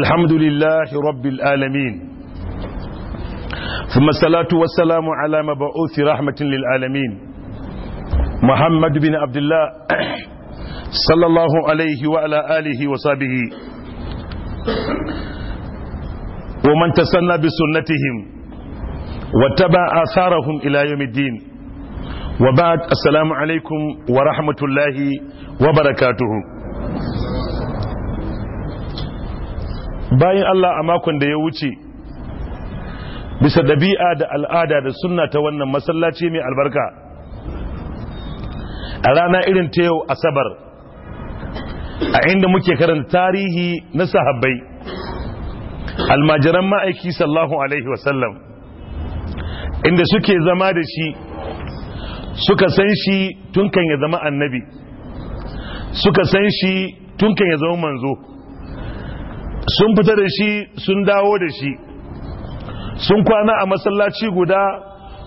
الحمد لله رب العالمين ثم الصلاة والسلام على مبعوث رحمة للعالمين محمد بن عبد الله صلى الله عليه وعلى آله وصحبه ومن تسنى بسنتهم واتبع آثارهم إلى يوم الدين وبعد السلام عليكم ورحمة الله وبركاته bayan Allah a makon da ya wuce bisa dabi'a da al'ada da sunna ta wannan masallaci mai albarka a rana irin ta yau asabar a inda muke karanta tarihi na sahabbai almajiran ma'aiki sallahu alaihi wasallam inda suke zama da shi suka san shi tun kan ya zama annabi suka san shi tun kan ya zama manzo sun fita da shi sun dawo da shi sun kwana a masallaci guda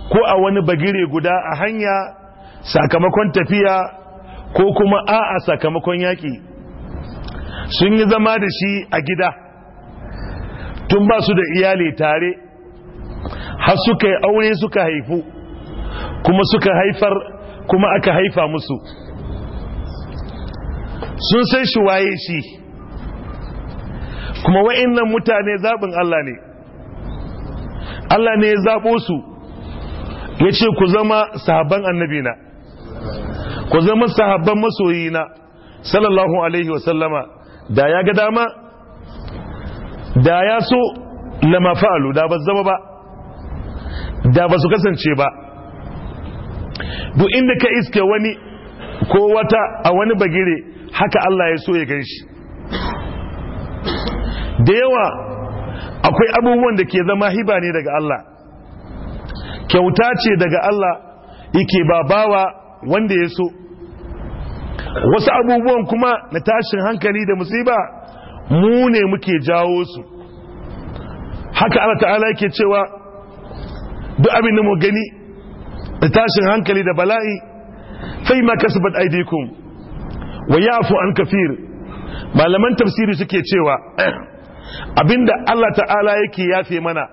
ko a wani bagire guda a hanya sakamakon tafiya ko kuma a'a sakamakon yaƙi sun yi zama da shi a gida tun ba su da iyali tare har suka yi aure suka haifu kuma suka haifar kuma aka haifa musu sun san shi waye shi kuma wa'annan mutane zaɓin Allah ne Allah ne ya zaɓo su ya ce ku zama sahabban annabina ku zama sahabban masoyina sallallahu alaihi wasallama da ya ga dama da ya so lama fa'alu da ba zama ba da ba su kasance ba duk inda ka iske wani ko wata a wani bagire haka Allah ya so ya gan da yawa akwai abubuwan da ke zama hiba ne daga Allah kyauta ce daga Allah yake ba bawa wanda ya so wasu abubuwan kuma na tashin hankali da musiba mu ne muke jawo su haka Allah ta'ala yake cewa duk abin da mu gani da tashin hankali da bala'i fai ma kasabat aidikum wa yafu an kafir malaman tafsiri suke cewa abinda Allah ta'ala yake yafe mana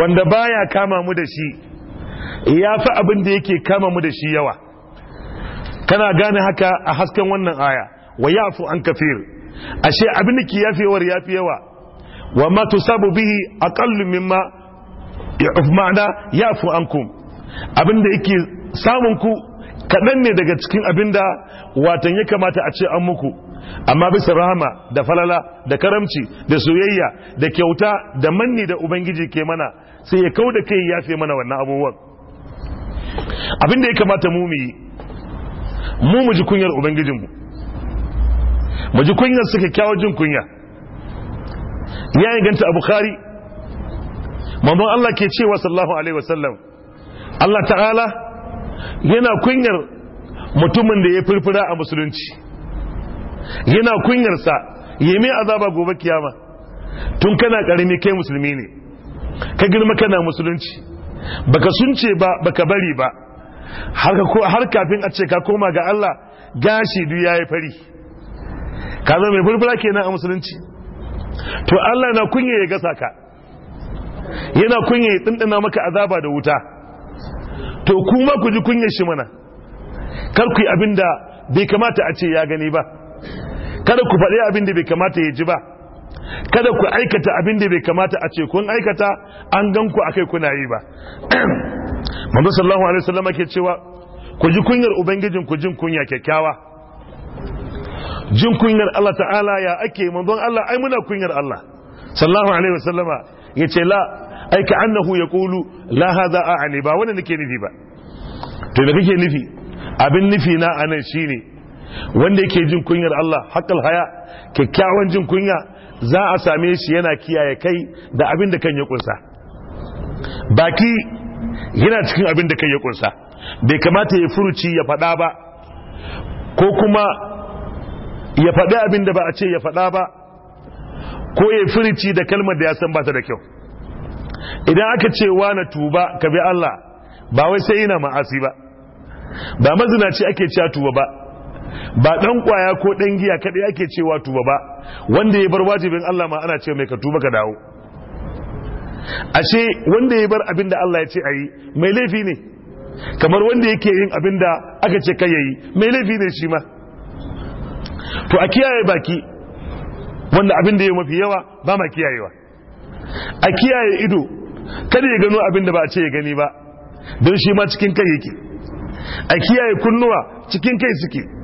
wanda baya kama mu da shi ya fi abin da yake kama mu da shi yawa kana gane haka a hasken wannan aya wa yafu an kafir ashe abin da ke yafewar yafi yawa wa ma tusabu bihi aqallu mimma ma'ana yafu ankum abin da yake samun ku kaɗan ne daga cikin abin da watan ya kamata a ce an muku amma bisa rahama da falala da karamci da soyayya da kyauta da manni da ubangiji ke mana sai ya kau da kai ya fi mana wannan abubuwan abin da ya kamata mu yi mu mu ji kunyar ubangijinmu mu ji kunyar su kyakkyawar jin kunya ya inganta a bukhari mamban allah ke cewa sallahu alaihi wasallam allah ta'ala yana kunyar mutumin da ya firfira a musulunci yana kunyarsa ya mai azaba gobe kiyama tun kana karimi kai musulmi ne ka girma kana musulunci baka sunce ba baka bari ba har kafin a ce ka koma ga Allah gashi duk yayi fari ka zo mai furfura kenan a musulunci to Allah na kunya ya gasa ka yana kunya ya tsindina maka azaba da wuta to kuma ku ji kunyar shi mana kar ku yi abin da bai kamata a ce ya gani ba kada ku faɗi abin da bai kamata ya ji ba kada ku aikata abin da bai kamata a ce kun aikata an gan ku akai kuna yi ba manzo sallallahu alaihi wasallam ke cewa ku ji kunyar ubangijin ku jin kunya kyakkyawa jin kunyar Allah ta'ala ya ake manzon Allah ai muna kunyar Allah sallallahu alaihi wasallama yace la ai ka annahu yaqulu la hadha a'ani ba wannan nake nufi ba to da kake nufi abin nufi na anan shine wanda yake jin kunyar Allah haƙƙal haya kyakkyawan jin kunya za a same shi yana kiyaye kai da abin da kan ya kunsa baki yana cikin abin da kan ya kunsa bai kamata ya furuci ya faɗa ba ko kuma ya faɗi abin da ba a ce ya faɗa ba ko ya furuci da kalmar da ya san ba ta da kyau idan aka ce wa na tuba ka bi Allah ba wai sai ina ma'asi ba ba mazinaci ake cewa tuba ba ba ɗan kwaya ko ɗan giya kaɗai ake cewa tuba ba wanda ya bar wajibin Allah ma ana ce mai ka tuba ka dawo ashe wanda ya bar abin da Allah ya ce ayi mai laifi ne kamar wanda yake yin abin da aka ce kai yayi mai laifi ne shi ma to a kiyaye baki wanda abin da ya mafi yawa ba ma kiyayewa a kiyaye ido kada ya gano abin da ba a ce ya gani ba don shi ma cikin kai yake a kiyaye kunnuwa cikin kai suke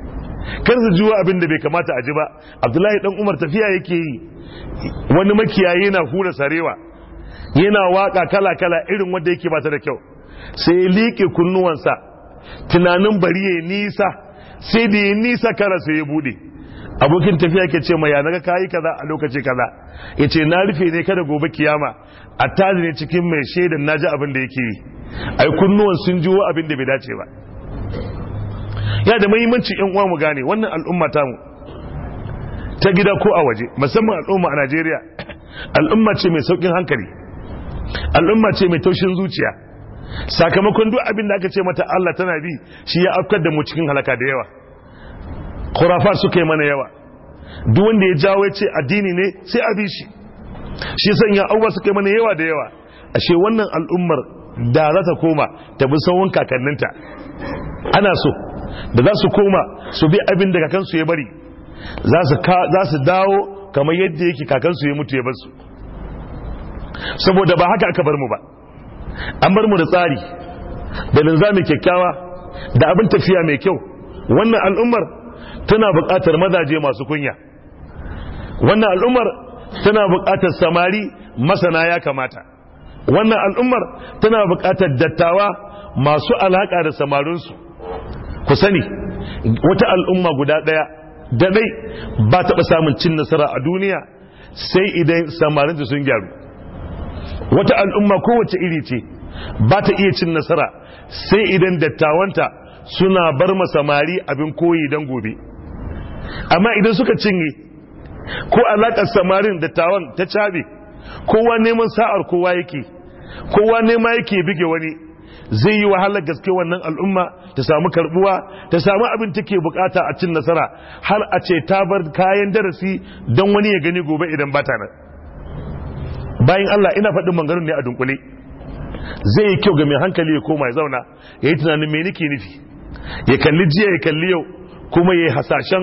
kar su juwa abin da bai kamata a ji ba abdullahi dan umar tafiya yake yi wani makiyayi yana hura sarewa yana waka kala kala irin wanda yake ba ta da kyau sai ya liƙe kunnuwansa tunanin bari ya nisa sai da ya nisa kara sai ya bude abokin tafiya ke ce ma ya naga kayi kaza a lokaci kaza ya ce na rufe ne kada gobe kiyama a tazi ne cikin mai shaidan na ji abin da yake yi ai kunnuwan sun jiwo abin da bai dace ba ya da mahimmanci yan uwa mu gane wannan al'umma ta mu ta gida ko a waje musamman al'umma a Najeriya al'umma ce mai saukin hankali al'umma ce mai taushin zuciya sakamakon duk abin da aka ce mata Allah tana bi shi ya afkar da mu cikin halaka da yawa khurafa suka yi mana yawa duk wanda ya jawo ya ce addini ne sai a bi shi shi sanya auwa suka yi mana yawa da yawa ashe wannan al'ummar da za ta koma ta bi sauran kakanninta ana so da za su koma su bi abin da kakansu ya bari za su dawo kamar yadda yake kakansu ya mutu ya bar saboda ba haka aka bar mu ba an bar mu da tsari da linzami kyakkyawa da abin tafiya mai kyau wannan al'ummar tana buƙatar mazaje masu kunya wannan al'ummar tana buƙatar samari masana ya kamata wannan al'ummar tana buƙatar dattawa masu alaƙa da samarinsu ku sani wata al'umma guda ɗaya da dai ba taɓa samun cin nasara a duniya sai idan samarin sun gyaru wata al'umma kowace iri ce ba ta iya cin nasara sai idan dattawanta suna bar ma samari abin koyi don gobe amma idan suka cinye ko alaƙar samarin dattawan ta cabe kowa neman sa'ar kowa yake kowa nema yake bige wani zai yi wahalar gaske wannan al'umma ta samu karbuwa ta samu abin take bukata a cin nasara har a ce ta bar kayan darasi don wani ya gani gobe idan ba ta nan bayan Allah ina faɗin mangarin ne a dunkule zai yi kyau ga mai hankali ya koma ya zauna ya yi tunanin me nake nufi ya kalli jiya ya kalli yau kuma ya yi hasashen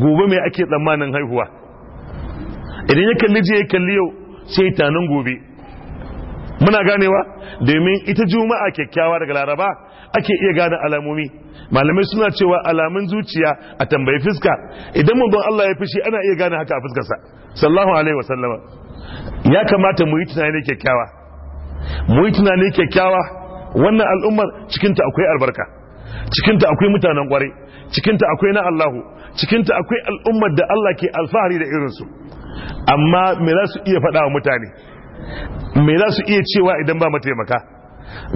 gobe mai ake tsammanin haihuwa idan ya kalli jiya ya kalli yau sai tunanin gobe muna ganewa domin ita juma'a kyakkyawa daga laraba ake iya gane alamomi malamai suna cewa alamun zuciya a tambayi fuska idan mun Allah ya fishi ana iya gane haka a fuskarsa Sallahu alaihi wasallam ya kamata mu yi tunani kyakkyawa mu yi tunani kyakkyawa wannan al'ummar cikinta akwai albarka cikinta akwai mutanen kwarai cikinta akwai na Allahu cikinta akwai al'ummar da Allah ke alfahari da irinsu amma me za su iya faɗa wa mutane me za su iya cewa idan ba mataimaka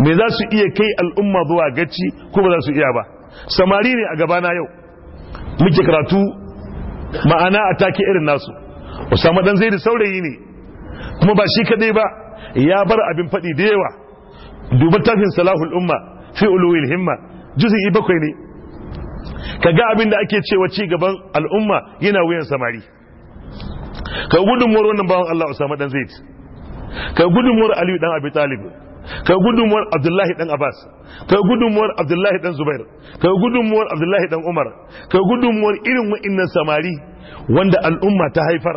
me za su iya kai al'umma zuwa gaci ko ba za su iya ba samari ne a gabana yau muke karatu ma'ana a take irin nasu usama dan zai da saurayi ne kuma ba shi kadai ba ya bar abin faɗi da yawa duba tafin salahul umma fi uluwil himma juz'i bakwai ne kaga abin da ake cewa ci gaban al'umma yana wuyan samari ka gudunmuwar wannan bawan Allah Usama dan Zaid Ka gudunmuwar aliyu dan abi talib ka gudunmuwar abdullahi dan abbas Ka gudunmuwar abdullahi dan zubair Ka gudunmuwar abdullahi dan umar Ka gudunmuwar irin wa'annan samari wanda al'umma ta haifar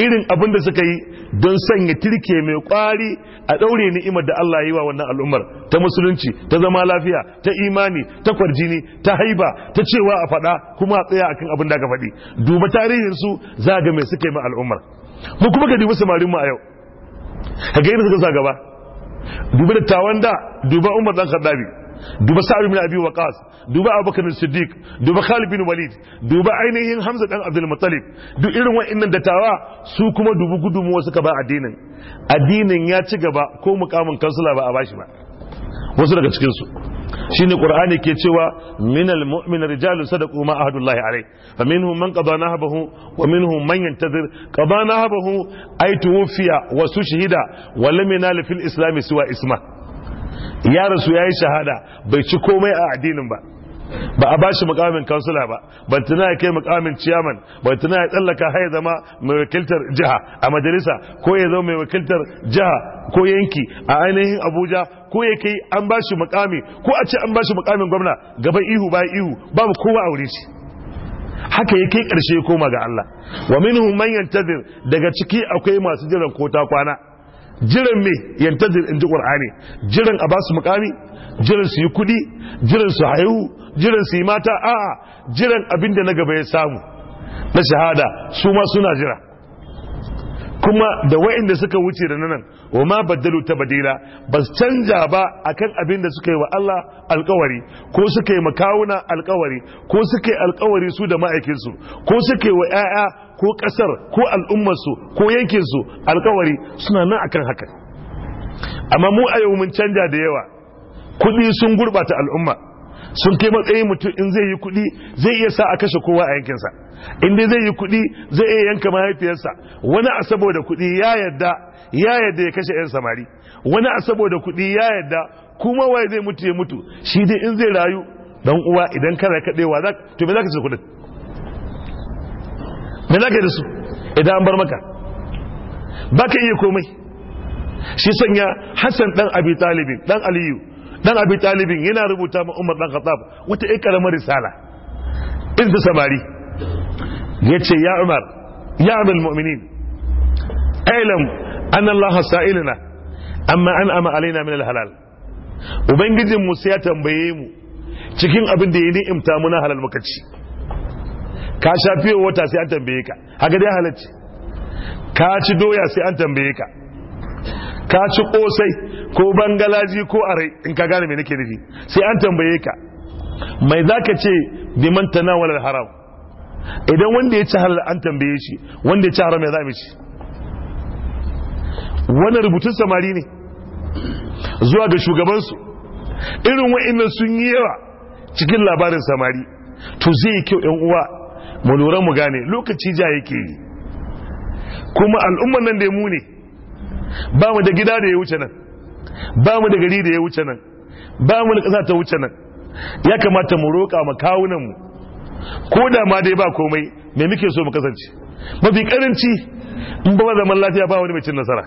irin abin da suka yi don sanya tirke mai kwari a ɗaure ni'imar da Allah yi wa wannan al'ummar ta musulunci ta zama lafiya ta imani ta kwarjini ta haiba ta cewa a faɗa kuma a tsaya akan abin da aka faɗi duba tarihinsu su ga mai suka yi ma al'ummar mu kuma ka dubi samarin mu a yau kaga da suka sa gaba duba dattawan da duba umar dan khaddabi duba sa'ad bin abi waqas duba abubakar siddiq duba khalid bin walid duba ainihin hamza dan abdul muttalib duk irin wa'annan dattawa su kuma dubu gudunmuwa suka ba addinin addinin ya ci gaba ko mukamin kansula ba a bashi ba wasu daga cikin su shine qur'ani ke cewa minal mu'min rijalun sadaqu ma ahadullahi alai fa minhum man qada nahbahu wa minhum man yantazir qada nahbahu ay tuwfiya wa wa lam yanal fil islam siwa isma ya rasu yayi shahada bai ci komai a addinin ba ba a bashi mukamin kansula ba ban tana ya kai mukamin ciyaman ban tana ya tsallaka haya zama mai wakiltar jiha a majalisa ko ya zama mai wakiltar jiha ko yanki a ainihin abuja ko ya kai an bashi mukami ko a ce an bashi mukamin gwamna gaban ihu bayan ihu babu kowa aure shi haka ya kai karshe koma ga Allah wa minhum man yantazir daga ciki akwai masu jiran kota kwana jiran me yantazir in ji qur'ani jiran a basu mukami jiran su yi kudi jiran su haihu jiran su yi mata a'a jiran abinda na gaba ya samu na shahada su ma suna jira kuma da da suka wuce da nan wa ma baddalu ta badila ba su canja ba akan abin da suka yi wa Allah alkawari ko suka yi makawuna alkawari ko suka yi alkawari su da ma'aikinsu ko suka yi wa 'ya'ya ko ƙasar ko al'ummarsu ko yankinsu alkawari suna nan akan haka amma mu a yau mun canja da yawa kuɗi sun gurɓata al'umma sun kai matsayin mutum in zai yi kuɗi zai iya sa a kashe kowa a yankinsa in dai zai yi kuɗi zai iya yanka mahaifiyarsa wani a saboda kuɗi ya yadda ya yadda ya kashe yan samari wani a saboda kuɗi ya yadda kuma waye zai mutu ya mutu shi dai in zai rayu dan uwa idan kana kaɗewa za to me za ka ci kuɗin me za ka yi da su idan an bar maka ba ka iya komai shi sanya hassan dan abi talibin dan aliyu dan abi talibin yana rubuta ma umar dan khattab wata ai karamar risala in da samari yace ce ya umar ya amal mu'minin ailam an allah sa'ilina amma an ama alaina min alhalal ubangijin mu sai ya tambaye mu cikin abin da ya ni'imta muna halal muka ci ka sha wata sai an tambaye ka haka dai halacci ka ci doya sai an tambaye ka ka ci kosai ko bangalaji ko are in ka gane me nake nufi sai an tambaye ka mai zaka ce man tanawala haram idan wanda ya ci halal an tambaye shi wanda ya ci haram ya za mu ci wannan rubutun samari ne zuwa ga su irin wa'annan sun yi yawa cikin labarin samari to zai kyau yan uwa mu lura mu gane lokaci ja yake yi kuma al'umman nan da mu ne ba mu da gida da ya wuce nan ba mu da gari da ya wuce nan ba mu da ƙasa ta wuce nan ya kamata mu roƙa ma kawunan mu ko da ma dai ba komai mai muke so mu kasance mafi karanci in ba zaman lafiya ba wani mai cin nasara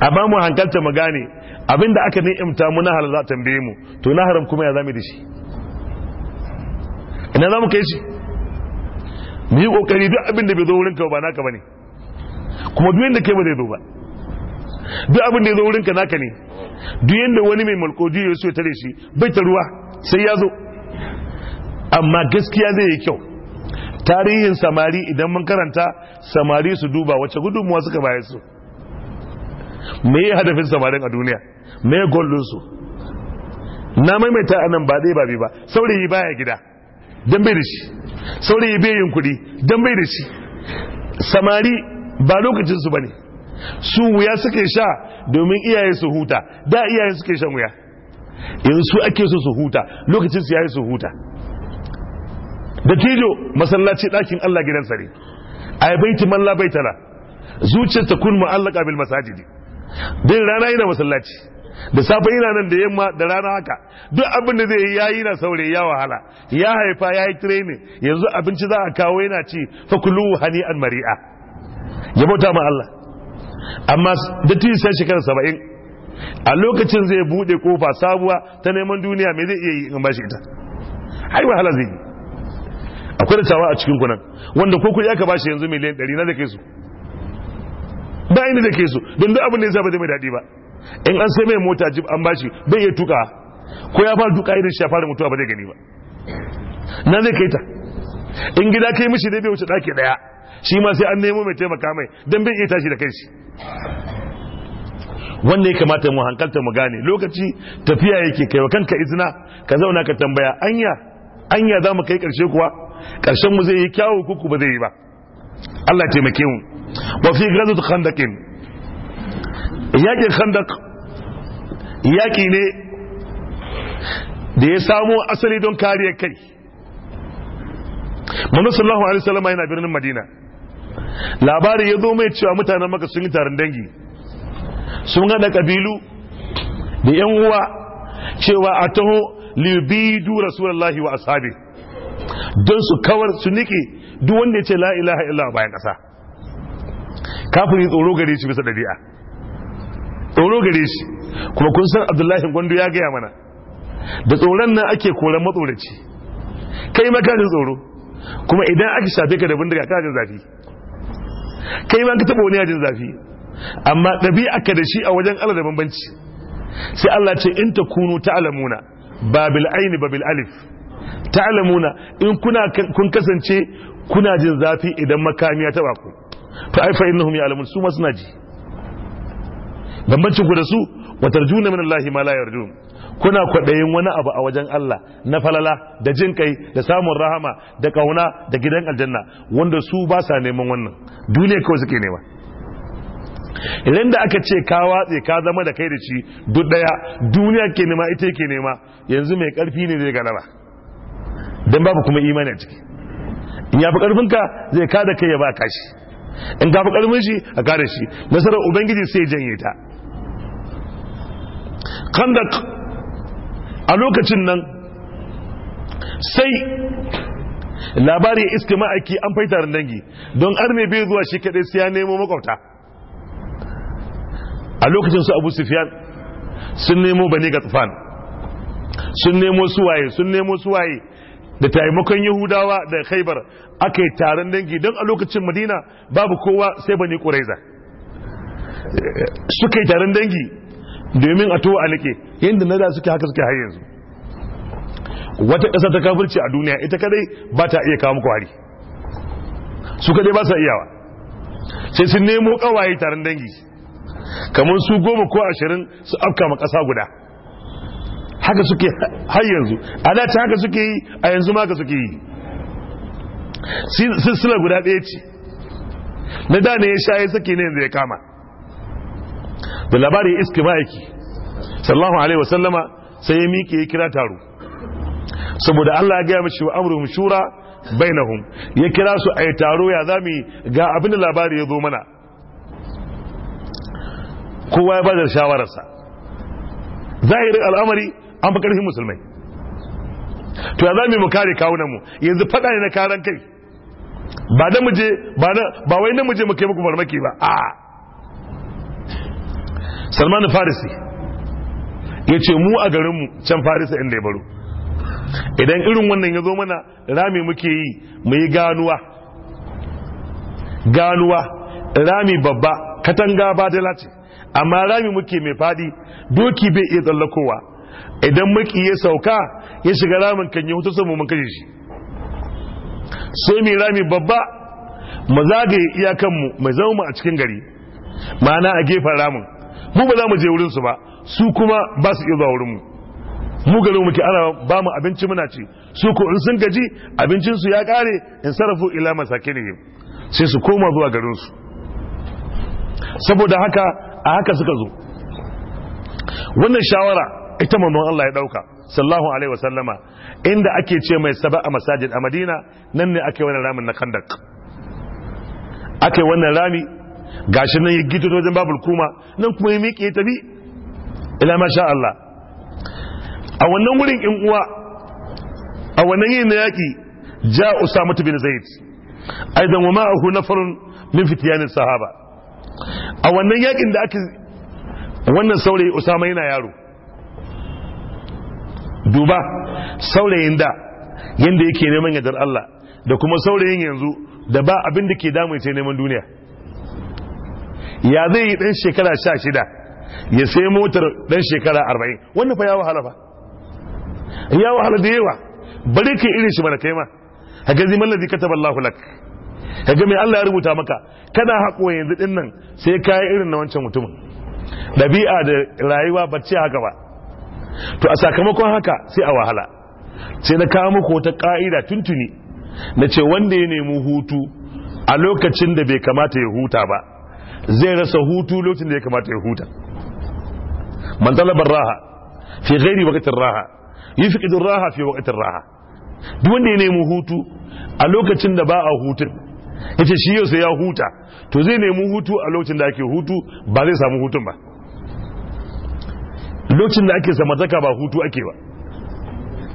a ba mu hankalta mu gane abinda aka ni'imta mu na halar za tambaye mu to na haram kuma ya zame da shi ina za mu kai shi mu yi kokari duk abinda da bai zo wurin ba naka bane kuma duk inda kai ba zai zo ba duk abin da ya zo wurin ka naka ne duk yadda wani mai malkodi ya so ya tare shi bai ta ruwa sai ya zo amma gaskiya zai yi kyau tarihin samari idan mun karanta samari su duba wacce gudunmuwa suka bayar su mai yi hadafin samarin a duniya mai ya gollon su na maimaita anan ba dai ba ba saurayi baya gida dan bai da shi saurayi bai yin kuɗi dan bai da shi samari ba lokacinsu su ne. su wuya suke sha domin iyaye su huta da iyaye suke shan wuya yanzu su ake so su huta lokacin su yayi su huta da tijo masallaci dakin Allah gidan sare ai baiti man la baitala zuciyar ta kun mu'allaka bil masajidi din rana ina masallaci da safe ina nan da yamma da rana haka duk abin da zai yi yayi na saure ya wahala ya haifa ya yi training yanzu abinci za a kawo yana ci fa kulu hani an mari'a ya bauta ma Allah amma da tun sai shekara saba'in a lokacin zai bude kofa sabuwa ta neman duniya mai zai iya yi in bashi ita ai wahala zai yi akwai da tawa a cikin kunan wanda ko ya aka bashi yanzu miliyan ɗari na da ke su ba inda da ke su don duk abin da ya sa ba zai mai daɗi ba in an sai mai mota jib an bashi bai iya tuka ko ya fara duka irin shafa da mutuwa ba zai gani ba na zai kai ta in gida kai mishi dai bai wuce ɗaki ɗaya shi ma sai an nemo mai taimaka mai don bai iya tashi da kanshi wanda ya kamata mu hankalta mu gane lokaci tafiya yake kai wa kanka izina ka zauna ka tambaya anya anya za mu kai karshe kuwa karshen mu zai yi kyawu kuku ba zai yi ba Allah ya taimake mu wa fi ghazwat khandaq yakin khandaq yaki ne da ya samo asali don kariyar kai Muhammad sallallahu alaihi wasallam yana birnin Madina labari ya zo mai cewa mutanen maka sun yi taron dangi sun haɗa kabilu da yan uwa cewa a taho libidu rasulallahi wa ashabi don su kawar su nike duk wanda ya ce la ilaha illa bayan ƙasa kafin tsoro gare shi bisa ɗabi'a tsoro gare shi kuma kun san abdullahi Gwandu ya gaya mana da tsoron nan ake koren matsoraci kai maka tsoro kuma idan ake shafe ka da bindiga ka zafi kai ma ka taba wani yajin zafi amma ɗabi'a ka da shi a wajen Allah da bambanci sai Allah ce in ta kunu ta'lamuna ba bil aini ba bil alif ta'lamuna in kuna kun kasance kuna jin zafi idan makami ya taba ku fa ai fa innahum ya'lamun su ma suna ji bambancin ku da su wa tarjuna min Allah ma la yarjun kuna kwaɗayin wani abu a wajen Allah na falala da jin kai da samun rahama da kauna da gidan aljanna wanda su ba sa neman wannan duniya kawai suke nema idan da aka ce ka watse ka zama da kai da shi duk daya duniya ke nema ita ke nema yanzu mai karfi ne zai galaba dan babu kuma imani a ciki in ya fi karfinka zai ka da kai ya ba shi in ka fi karfin shi a kare shi nasarar ubangiji sai janye ta kandak a lokacin nan sai labari ya iske ma'aiki an fai taron dangi don arme bai zuwa shi kadai sai ya nemo makwabta a lokacin su abu sufiyan sun nemo bane ga tufan sun nemo suwaye sun nemo suwaye da taimakon yahudawa da khaibar aka yi taron dangi don a lokacin madina babu kowa sai bane kuraiza suka yi taron dangi domin a towa a nike yadda na da suke haka suke har yanzu wata ƙasa ta kafirci a duniya ita kadai ba ta iya kawo muku hari su kadai ba sa iyawa sai sun nemo kawaye taron dangi kamar su goma ko ashirin su afka ma ƙasa guda haka suke har yanzu a da haka suke yi a yanzu ma haka suke yi silsila guda ɗaya ce na da ne ya sha ya sake ne yanzu ya kama da labari ya iske ma'aiki sallallahu alaihi wasallama sai ya miƙe ya kira taro saboda Allah ya gaya mashi wa amru shura bainahum ya kira su a taro ya zame ga abin da labari ya zo mana kowa ya bada shawararsa zahirin al'amari an fi karfin musulmai to ya zame mu kare kawunan mu yanzu fada ne na karan kai ba da muje ba wai na muje mu kai muku farmaki ba a'a salman farisi ya ce mu a garinmu can farisa inda ya baro idan irin wannan ya zo mana rami muke yi mu yi ganuwa ganuwa rami babba katanga da lati amma rami muke mai fadi doki bai iya tsallakowa idan maki ya sauka ya shiga ramin kan yi hutu samu kashe shi sai mai rami babba mu zagaye iyakanmu mai zama a cikin gari mana a gefen ramin mu ba za mu je wurin su ba su kuma ba su iya wurin mu mu garin muke ana ba mu abinci muna ci su ko in sun gaji abincin su ya kare in sarrafu ila masakinihim sai su koma zuwa garin su saboda haka a haka suka zo wannan shawara ita mamman Allah ya dauka sallahu alaihi wasallama inda ake ce mai saba a masajid a Madina nan ne ake wannan ramin na kandak ake wannan rami gashi nan ya gito wajen babul kuma nan kuma ya miƙe tafi ila masha Allah a wannan wurin in uwa a wannan yin yaki ja Usama bin Zaid aidan wa ma'ahu nafarun min fitiyan sahaba a wannan yakin da aka wannan saurayi Usama yana yaro duba saurayin da yanda yake neman yadar Allah da kuma saurayin yanzu da ba abin da ke damu sai neman duniya ya zai yi ɗan shekara sha shida ya sai motar ɗan shekara arba'in wanda fa ya wahala fa ya wahala da yawa bari ka irin shi mana kai ma haka zai mallazi kataba Allahu lak haka mai Allah ya rubuta maka kana haƙo yanzu ɗin nan sai ka yi irin na wancan mutumin dabi'a da rayuwa ba ce haka ba to a sakamakon haka sai a wahala sai na kawo muku wata ka'ida tuntuni na ce wanda ya nemi hutu a lokacin da bai kamata ya huta ba zai rasa hutu lokacin da ya kamata ya huta man talabar raha fi ghairi waqtir raha yufqidu raha fi waqtir raha duk wanda ya nemi hutu a lokacin da ba a hutun yace shi yau sai ya huta to zai nemi hutu a lokacin da ake hutu ba zai samu hutun ba lokacin da ake zaka ba hutu ake ba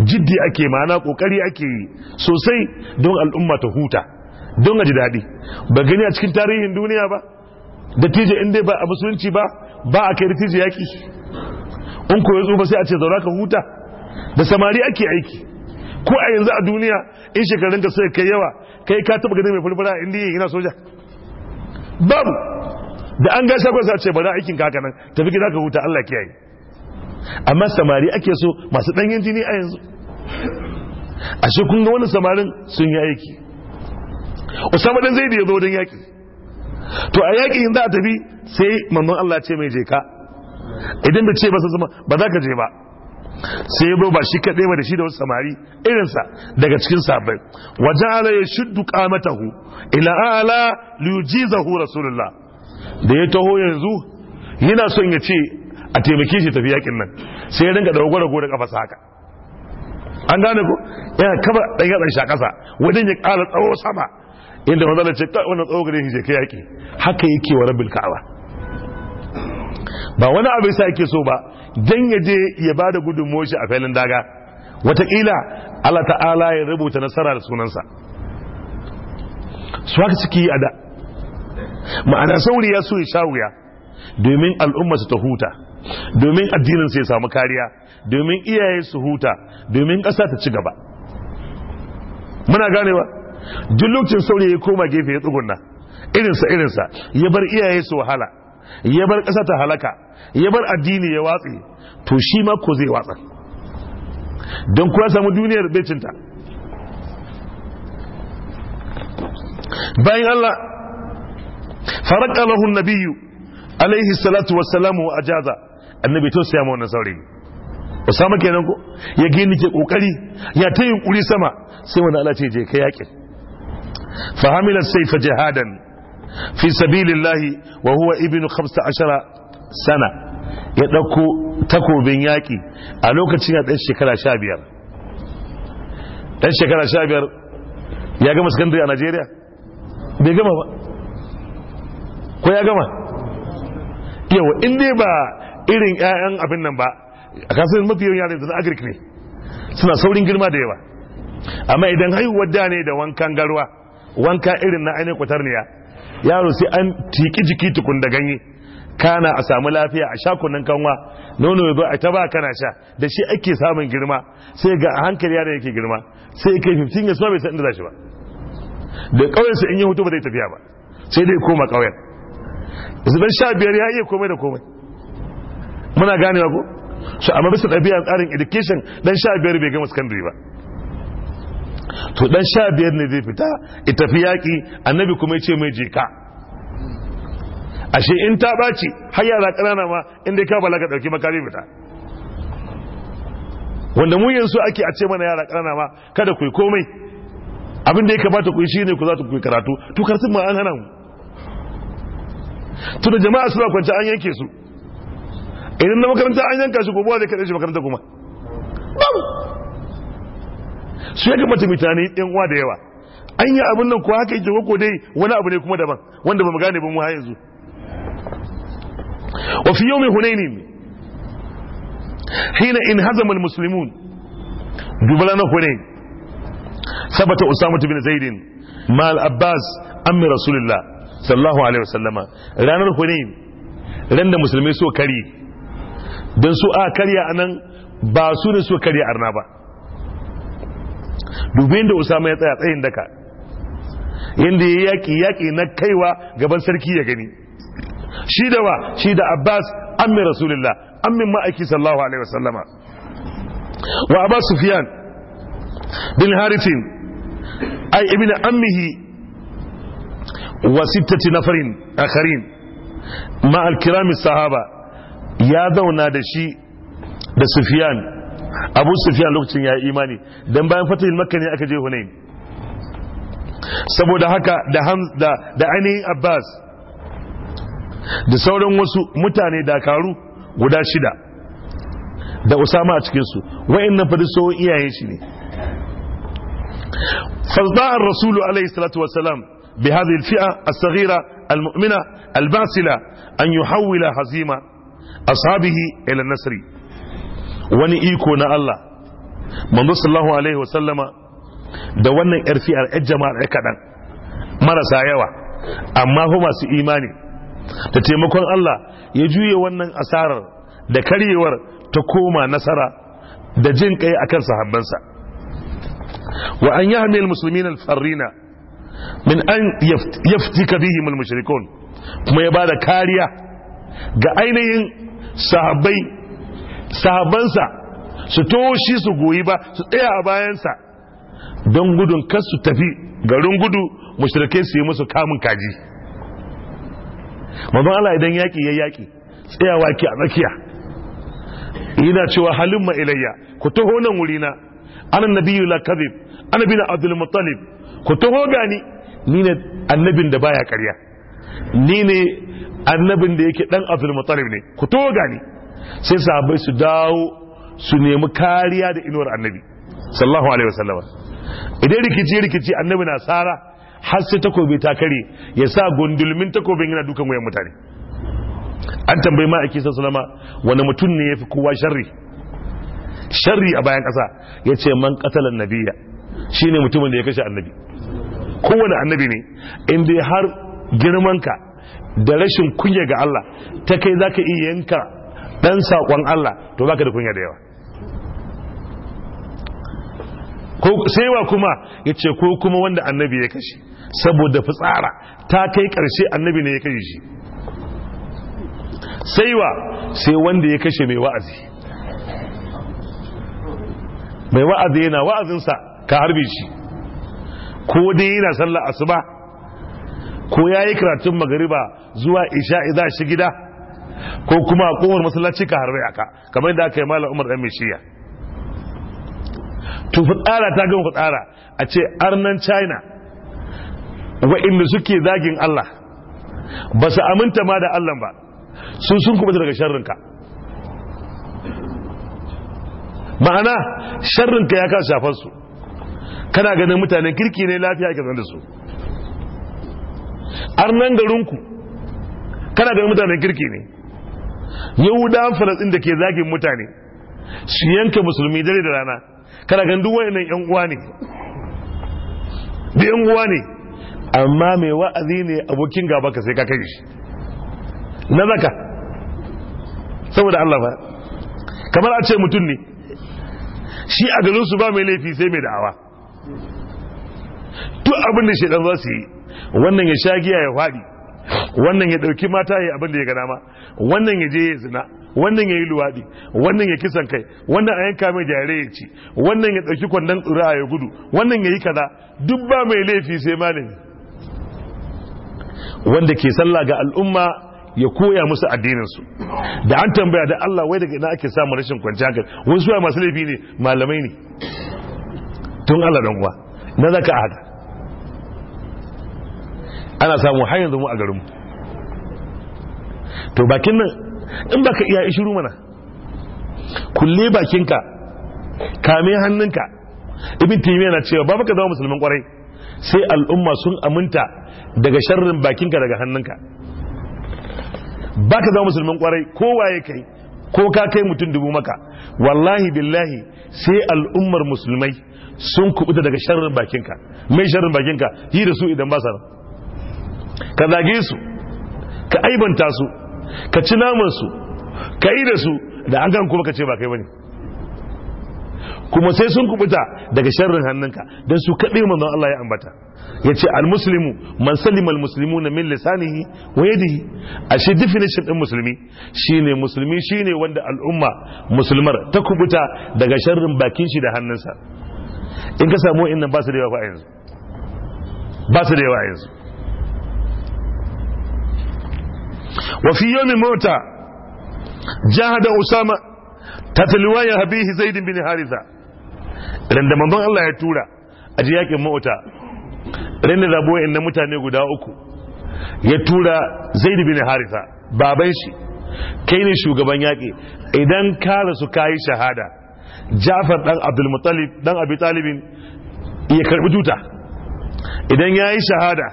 jiddi ake ma'ana kokari ake sosai don al'umma ta huta don a ji daɗi ba gani a cikin tarihin duniya ba dattijo in dai ba a musulunci ba ba a kai dattijo yaki in koyi tsufa sai a ce zaura ka huta da samari ake aiki ko a yanzu a duniya in shekarun ka sai kai yawa kai ka taba gani mai fulfura a indiya yana soja babu da an gasha kwa a ce ba za aikin kaka nan tafi gida ka huta allah kiyaye amma samari ake so masu ɗanyen jini a yanzu ashe kun ga wani samarin sun yi aiki usama dan zai ya zo wajen yaki to a yaƙi in za a tafi sai manzon Allah ce mai je ka idan da ce ba zama ba za ka je ba sai ya ba shi kaɗai ba da shi da wasu samari irinsa daga cikin sabai wajen ala ya shuddu kamatahu ila ala liyujizahu rasulullah da ya taho yanzu yana son ya ce a taimake shi tafi yakin nan sai ya dinga da gwarago da kafa haka an gane ko yana kaba dan yatsan shi a kasa wajen ya ƙara tsawo sama inda manzala ce kai wannan tsohon shi je kai yaki haka yake wa rabbil ka'aba ba wani abu yasa yake so ba dan ya je ya bada gudummawar shi a filin daga wataƙila Allah ta'ala ya rubuta nasara da sunansa su haka suke yi a da ma'ana sauri ya so ya sha wuya domin al'umma su ta huta domin addinin su ya samu kariya domin iyaye su huta domin ƙasa ta ci gaba muna ganewa duk lokacin saurayi ya koma gefe ya tsugunna irinsa irinsa ya bar iyaye su wahala ya bar ƙasa ta halaka ya bar addini ya watsi to shi ma ko zai watsa don kuwa samu duniyar becinta bayan Allah faraka lahun nabiyu alaihi salatu wassalamu a jaza annabi to siya saurayi Osama kenan ko ya gini ke kokari ya ta yunkuri sama sai wani Allah ce je ka yakin fa hamila sayfa jihadan fi sabilillahi wa huwa ibnu 15 sana ya dauko takobin yaki a lokacin ya dan shekara 15 dan shekara 15 ya gama sakandare a Najeriya bai gama ba ko ya gama yawa in dai ba irin 'ya'yan abin nan ba a kasar mafi yawan yare da agric ne suna saurin girma da yawa amma idan haihuwar da ne da wankan garwa. wanka irin na ainihin kwatarniya yaro sai an tiki jiki tukun da ganye kana a samu lafiya a sha kunnan kanwa nono ya zo a ta ba kana sha da shi ake samun girma sai ga hankali yaro yake girma sai yi 15 ya ma bai san inda za shi ba da ƙauyen su in yi hutu ba zai tafiya ba sai dai koma ƙauyen. zubar sha biyar ya iya komai da komai muna ganewa ko so amma bisa ɗabi'a tsarin education dan sha biyar bai gama secondary ba to dan sha biyar ne zai fita ita fi yaƙi annabi kuma ya ce mai je ka ashe in ta ɓaci har yara ƙanana ma in dai ka balaga ɗauki makari fita wanda mu yanzu ake a ce mana yara ƙanana ma kada ku yi komai abin da ya kamata ku yi shi ne ku za ku yi karatu to karatun ma an hana mu to da jama'a suna kwanci an yanke su idan na makaranta an yanka shi gobe zai kaɗe shi makaranta kuma su ya kamata mutane yan uwa da yawa an yi abin nan ko haka yake ko dai wani abu ne kuma daban wanda ba mu gane ba mu har yanzu wa fi yawmi hunainin hina in hazama almuslimun dubala na hunain sabata usama bin zaid mal abbas ammi rasulullah sallallahu alaihi wasallama ranar hunain ran da musulmai so kari, dan su a karya anan ba su ne so karya arna ba dubin da usama ya tsaya tsayin daka inda ya yaki yaki na kaiwa gaban sarki ya gani shi da wa shi da abbas ammi rasulullah ammin ma'aiki sallallahu alaihi wasallama wa abbas sufyan bin Haritin ai ibn ammihi wa sittati nafarin akharin ma al-kiram sahaba ya zauna da shi da sufyan abu sufiyan lokacin ya yi imani dan bayan fatahin makka ne aka je hunain saboda haka da da ainihin abbas da sauran wasu mutane dakaru guda shida da usama a cikinsu faɗi tsohon iyayen shi ne فازداء الرسول عليه الصلاة والسلام بهذه الفئة الصغيرة المؤمنة an أن يحول هزيمة أصحابه إلى النسر wani iko na Allah manzo sallallahu alaihi wasallama da wannan yar fi'ar yar jama'ar ya kaɗan marasa yawa amma fa masu imani da taimakon Allah ya juye wannan asarar da karyewar ta koma nasara da jin kai akan sahabbansa wa an yahmi almuslimin alfarina min an yaftika bihim almushrikun kuma ya bada kariya ga ainihin sahabbai sahabansa su toshi su goyi ba su tsaya a bayansa don gudun kar su tafi garin gudu mu su yi musu kamun kaji mazan Allah idan yaki ya yaki tsayawa ke a tsakiya yana cewa halin ilayya ku taho nan wurina ana nabiyu la kadhib ana bin abdul muttalib ku taho gani ni ne annabin da baya karya ni ne annabin da yake dan abdul muttalib ne ku taho gani sai sahabai su dawo su nemi kariya da inuwar annabi sallallahu alaihi wasallam idan rikici rikici annabi na tsara har sai takobi ta kare ya sa gundulmin takobin yana dukan wayan mutane an tambayi ma ake sallama wani mutum ne ya fi kowa sharri sharri a bayan kasa ya ce man ƙasalan nabiya shi ne mutumin da ya kashe annabi kowane annabi ne inda har girmanka da rashin kunya ga Allah ta kai za ka iya yanka dan saƙon Allah to baka da kunya da yawa sai wa kuma yace ko kuma wanda annabi ya kashe saboda fitsara ta kai ƙarshe annabi ne ya kashe shi sai wa sai wanda ya kashe mai wa'azi mai wa'azi yana wa'azinsa ka harbe shi ko dai yana sallar asuba ko yayi karatun magariba zuwa isha za shi gida ko kuma a masallaci ka harbe aka kamar yadda aka yi malam umar ɗan mishiya to fitsara ta gama fitsara a ce arnan china wa'inda suke zagin allah ba su aminta ma da allah ba sun sun kuma daga sharrinka ma'ana sharrinka ya kasa shafar su kana ganin mutane kirki ne lafiya ke zan da su arnan garinku kana ganin mutane kirki ne yahudawan falastin da ke zagin mutane su yanka musulmi dare da rana kana gan duk wayannan yan uwa ne da yan uwa ne amma mai wa'azi ne abokin gaba ka sai ka kai shi na zaka saboda Allah ba kamar a ce mutum ne shi a garin su ba mai laifi sai mai da'awa duk abin da shi zasu zasu yi wannan ya sha giya ya faɗi wannan ya dauki mata ya abin da ya ga dama wannan ya je ya zina wannan ya yi luwaɗi wannan ya kisan kai wannan a yanka mai jare ya ci wannan ya ɗauki kwandon tsura a ya gudu wannan ya yi kaza duk ba mai laifi sai malami wanda ke sallah ga al'umma ya koya musu su da an tambaya da Allah wai daga ina ake samun rashin kwanciyar hankali wasu suwa masu laifi ne malamai ne tun Allah dan uwa na zaka ana samu har yanzu mu a garinmu to bakin nan in baka iya ishiru mana kulle bakinka kame hannunka ibn taymiya na cewa ba baka zama musulmin kwarai sai al'umma sun aminta daga sharrin bakinka daga hannunka baka zama musulmin kwarai ko waye kai ko ka kai mutum dubu maka wallahi billahi sai al'ummar musulmai sun kubuta daga sharrin bakinka mai sharrin bakinka yi da su idan ba ka zage su ka aibanta su ka ci namansu ka yi da su da an gan kuma ka ce ba kai bane kuma sai sun kubuta daga sharrin hannunka don su kaɗe manzon Allah ya ambata ya ce almuslimu man salima almuslimu na min lisanihi wa yadihi shi definition din musulmi shine musulmi shine wanda al'umma musulmar ta kubuta daga sharrin bakin shi da hannunsa in ka samu innan ba su da yawa yanzu ba su da yawa yanzu wa fi yawmi mauta jahada usama ta ya habihi zaid bin haritha ran da Allah ya tura aje yakin mauta ran da zabo inna mutane guda uku ya tura zaid bin haritha baban shi kai ne shugaban yaki idan ka rasu kai shahada jafar dan abdul muttalib dan abi ya karbi duta idan yayi shahada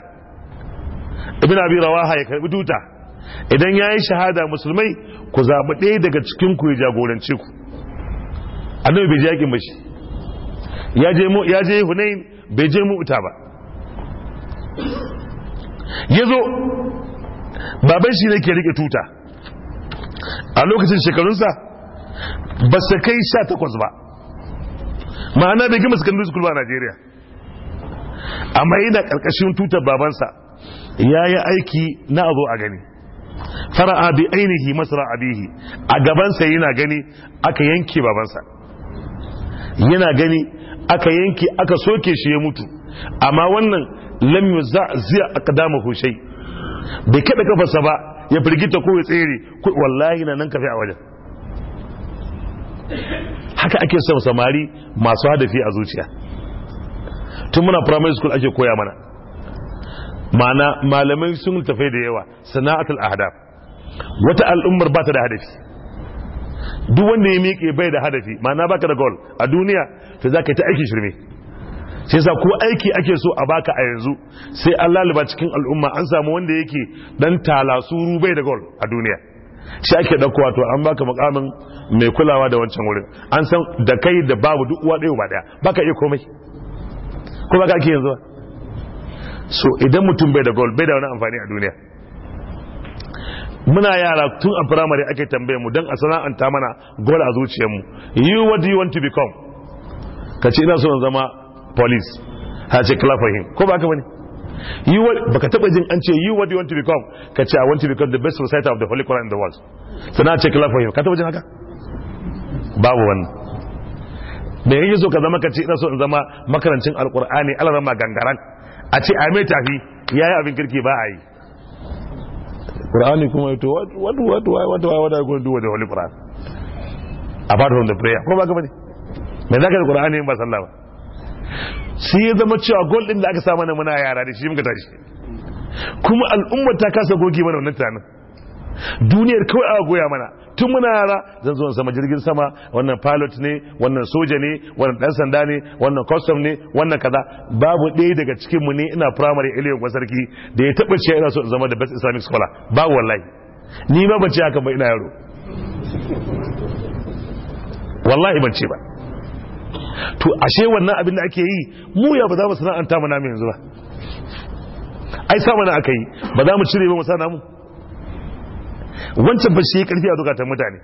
ibn abi rawaha ya karɓi duta idan ya yi shahada musulmai ku zaɓi ɗaya daga cikin ku ya jagorance ku annabi bai je mashi. ya je hunain bai je mu'uta ba ya zo baban shi ne ke rike tuta a lokacin shekarunsa ba su kai sha takwas ba ma'ana bai gama secondary school ba a Najeriya amma yana karkashin tutar babansa ya yi aiki na azo a gani fara'a bi ainihi masra bihi a gabansa yana gani aka yanke babansa yana gani aka yanke aka soke shi ya mutu amma wannan lam aka dama hushai bai kada kafarsa ba ya firgita ko ya tsere ko wallahi na nan kafi a wajen haka ake son samari masu hadafi a zuciya tun muna primary school ake koya mana ma'ana malamai sun tafi da yawa sana'atul ahdaf wata al'ummar ba ta da hadafi duk wanda ya miƙe bai da hadafi mana baka da goal a duniya to za ka yi ta aiki shirme sai sa ko aiki ake so a baka a yanzu sai an laliba cikin al'umma an samu wanda yake dan talasuru bai da goal a duniya shi ake ɗaukowa to an baka makamin mai kulawa da wancan wurin an san da kai da babu duk uwa ɗaya ba ɗaya baka iya komai ko baka ake yanzu so idan mutum bai da gol bai da wani amfani a duniya muna yara tun a firamare ake tambaye mu don a sana'anta mana gol a zuciyarmu you what do you want to become ka ce ina so in zama police ha ce klafahim ko ba ka bane you what baka taba jin an ce you what do you want to become ka ce i want to become the best reciter of the holy quran in the world sana ce klafahim ka taba jin haka babu wani me yake so ka zama ka ce ina so in zama makarancin alqur'ani alarama gangaran a ce a mai tafi ya yi abin kirki ba a yi ƙura'ani kuma yato what what what what are you going to do with the holy apart from the prayer ko ba bane me zaka da qur'ani in ba sallah ba sai ya zama cewa gol din da aka sa mana muna yara da shi muka tashi kuma al'umma ta kasa goge mana wannan tunanin duniyar kawai a goya mana tun muna yara zan zo sama jirgin sama wannan pilot ne wannan soja ne wannan dan sanda ne wannan custom ne wannan kaza babu ɗaya daga cikin mu ne ina primary ilimin kuma sarki da ya taɓa cewa ina so in zama da best islamic scholar ba wallahi ni ma ban ce haka ba ina yaro wallahi ban ce ba to ashe wannan abin da ake yi mu ya ba za mu sana'anta mu na yanzu ba ai sa mana aka yi ba za mu cire ba mu sa namu wancan ba shi ya karfi a zukatan mutane